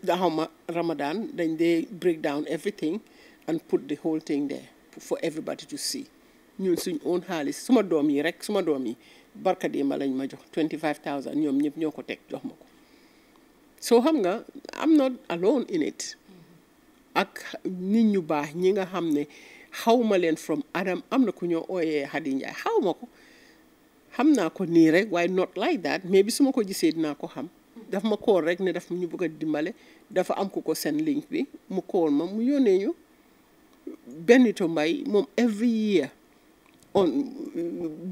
Ramadan, then they break down everything and put the whole thing there for everybody to see. ñun suñ own xaalis suma doom yi rek suma doom yi barka démba lañ ma jox 25000 ñoom ñëpp ñoo ko teg jox ma ko xam nga I'm not alone in it ak nit ñu baax ñi nga xam ne xawma leen from Adam am na ku ñoo ooyee Xadi Njaay xaw ma ko xam naa ko nii rek waaye not like that Maybe bi su ma ko gisee dinaa ko xam daf ma kool rek ne daf ñu bëgg dimbale dafa am ku ko seen link bi mu to ma mu ñu Benito Mbay every year on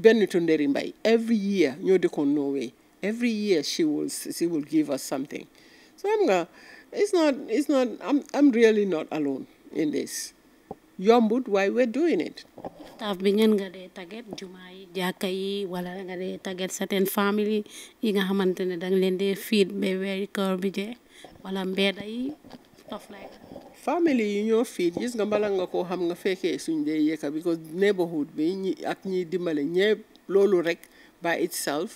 Benito Nderi Mbay every year ñoo dëkkoon Norway every year she will she will give us something so I'm nga it's not it's not I'm I'm really not alone in this. yombut waaye we're doing it. staff bi ngeen nga dee tàggat jumaa yi jàkka yi wala nga dee sa certain family yi nga xamante ne danga leen dee feed ba weeri koor bi jee wala mbeeda yi stuff family yi ñoo feed gis nga mbala nga ko xam nga fekkee suñ dee yëkka because neighborhood bi ak ñii dimbale ñëpp loolu rek by itself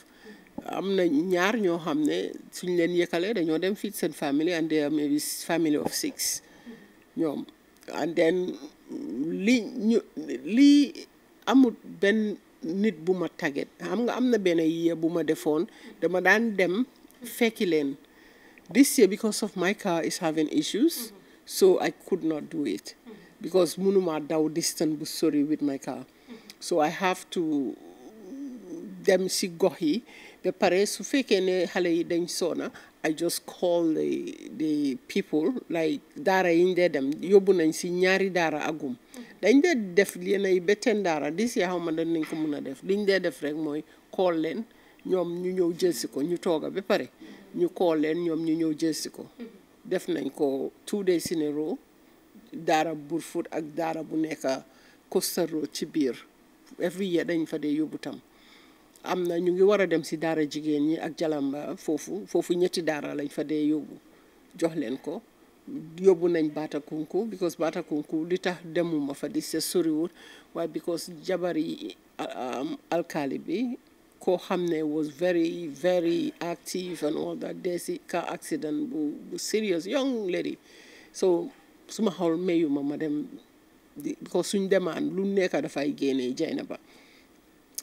am na ñaar ñoo xam ne suñ leen yëkkalee dañoo dem feed seen family and they are maybe family of six ñoom and then li ñu li amut ben nit bu ma tàgget xam nga am na benn year bu ma defoon dama daan dem fekki leen this year because of my car is having issues so I could not do it because Munuma daw distance bu sori with my car so I have to dem si gox yi ba pare su fekkee ne xale yi dañ soona I just call the the people like daara yiñ dee dem yóbbu nañ si ñaari daara agum dañ dee def yenn ay betteen daara di si xaw ma dañ nañ ko mun a def liñ dee def rek mooy call leen ñoom ñu ñëw jëlsi ko ñu tooga ba pare ñu call leen ñoom ñu ñëw jëlsi ko def nañ ko two days in a row daara Brufut ak daara bu nekk Costa Road ci biir every year dañ fa dee yóbbu tam am na ñu ngi war a dem si daara jigéen ñi ak Jalamba ah, foofu foofu ñetti daara lañ fa dee yóbbu jox leen ko yóbbu nañ Baatakunku because Baatakunku li tax demuma fa di se soriwul waaye because jabar yi alkaali bi koo xam ne was very very active and all that dee si car accident bu bu serious young lady mayu ma ma dem because suñ demaan lu nekk dafay génnee jay na ba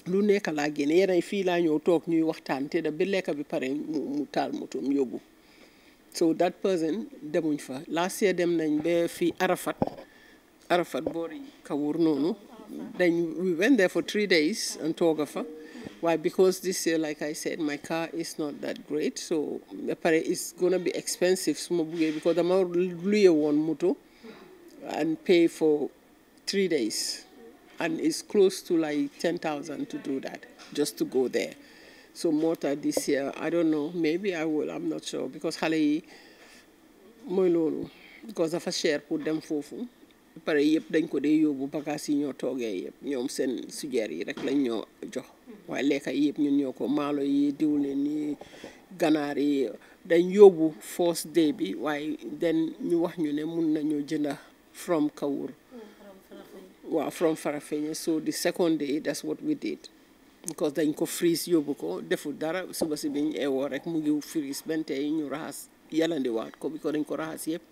lu nekk laa génne yeneen fii laa ñëw toog ñuy waxtaan te da bi lekk bi pare mu mu taal moto mu yóbbu so that person demuñ fa last year dem nañ ba fii Arafat Arafat boori Kawur noonu dañ we went there for three days and tooga fa why because this year like I said my car is not that great so ba pare is gonna be expensive su ma buggee because dama luye woon moto and pay for three days and it's close to like 10,000 to do that, just to go there. So Malta this year, I don't know, maybe I will, I'm not sure, because xale yi mooy loolu because dafa put them dem you pare yëpp dañ ko dee yóbbu bagages yi ñoo toogee yëpp ñoom seen sujeer yi rek lañ ñoo jox waaye lekka yi yëpp ñun ñoo ko maalo yi diwlin yi ganaar yi dañ yóbbu first day bi waaye then ñu wax ñu ne mun nañoo jënda from Kawur are from Farafenye. So the second day, that's what we did. Because oh, the inko freeze yóbbu boko deful dara suba si biñ eewoo eh, rek mu ngi bente benn eh, tey ñu raxas yalandiwaat ko because dañ ko yep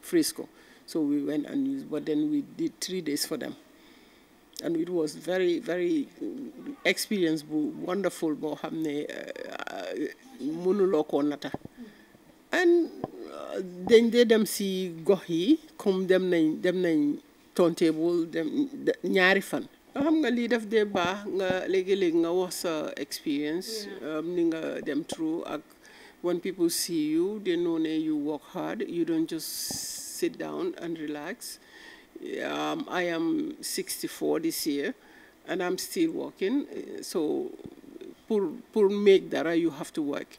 frisco, So we went and used, but then we did three days for them. And it was very, very mm, experience wonderful boo hamne eh, ne nata. And uh, then they dem si gohi, yi dem nañ dem turntable dem ñaari fan xam nga lii def dee baax nga léegi-léegi nga wax sa experience um, ni nga dem through ak when people see you they know ne you work hard you don't just sit down and relax um, I am 64 this year and I'm still working so pour pour make dara you have to work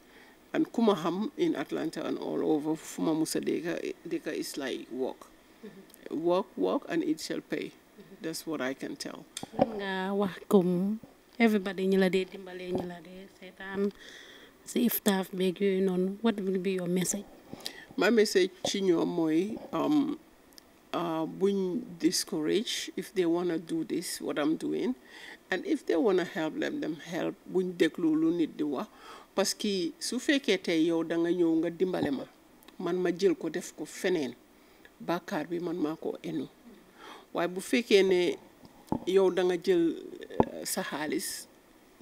and kuma xam in Atlanta and all over fuma musa deka dëkka is like work work work and it shall pay that's what I can tell. everybody dimbale what will be your message. my message ci ñoom mooy buñ discourage if they wanna do this what I'm doing and if they wanna help let them help buñ déglu lu nit di wax parce que su dimbale ma man bàkkaar bi man maa ko enu waaye bu fekkee ne yow danga jël eh, sa xaalis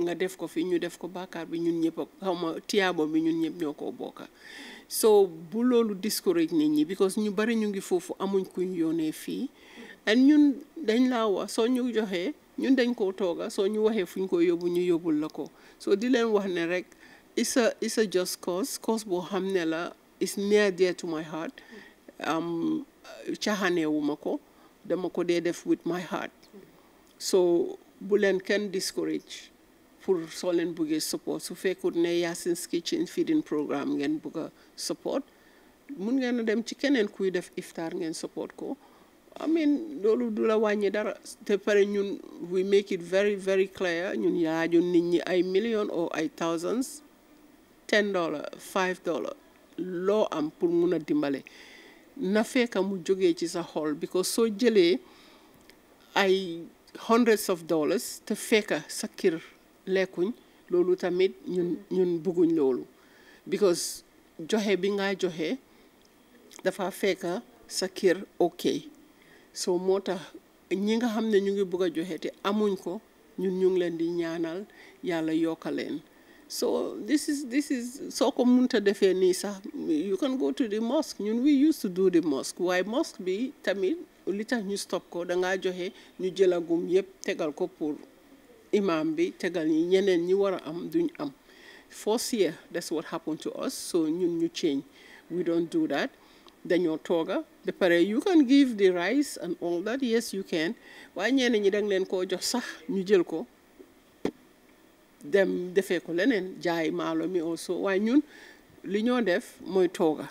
nga def ko fi ñu def ko bàkkaar bi ñun ñëpp xaw ma tiyaabo bi ñun ñëpp ñoo ko bokka so bu loolu discourage nit ñi because ñu bari ñu ngi foofu amuñ kuñ yónnee fii ak ñun dañ la wax soo ñu joxee ñun dañ ko tooga soo ñu waxee fuñ ko yóbbu ñu yóbbul la ko so di leen wax ne rek it's a it's a just cause cause boo xam ne la it's near dear to my heart um, caxaneewuma ko dama ko dee def with my heart so bu can kenn discourage pour soo leen buggee support su fekkut ne Yacines Kitchen feeding programme ngeen bugg support mun ngeen dem ci keneen kuy def iftar ngeen support ko I mean loolu dula la dara te pare ñun we make it very very clear ñun yaajun nit ñi ay million or ay thousands ten dollar five dollar loo am pour mun a dimbale na fekk mu jóge ci sa xol because soo jëlee ay hundreds of dollars te fekk sa kër lekkuñ loolu tamit ñun bugguñ bëgguñ loolu because joxe bi nga joxe dafa fekk sa kër ok so moo tax ñi nga xam ne ñu ngi bëgg a joxe te amuñ ko ñun ñu ngi leen di ñaanal yàlla yokka leen so this is this is soo ko munta defee you can go to the mosque we used to do the mosque Why mosque be tamit ulita ñu stop ko dangaa joxe ñu jëlagum yëpp tegal ko pour imam bi tegal ñi ñeneen ñi war a am duñ am first year that's what happened to us so ñun ñu change we don't do that dañoo tooga The pare you can give the rice and all that yes you can waaye ñeneen ñi danga leen koo jox sax ñu jël ko dem defee ko leneen jaay maalo mi also waaye ñun li ñoo def mooy tooga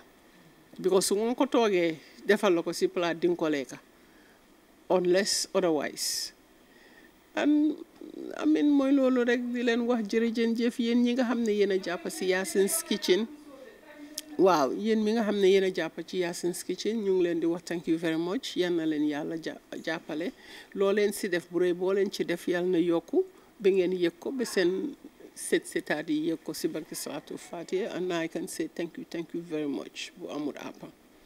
because su nga ko toogee defal la ko si plat di nga ko lekka unless otherwise and I mean mooy loolu rek di leen wax jërëjën jëf yéen ñi nga xam ne yéen a jàpp si Yasin's Kitchen waaw yéen mi nga xam ne yéen a jàpp ci Yasin's Kitchen ñu ngi leen di wax thank you very much yal na leen yàlla jàppale loo leen si def bu rëy boo leen ci def yàlla na yokku ba ngeen yëg ko set setadi Yekko, seetaat yi yëg ko si barki salaatul faatiha and I can say thank you thank you very much bu amul àppa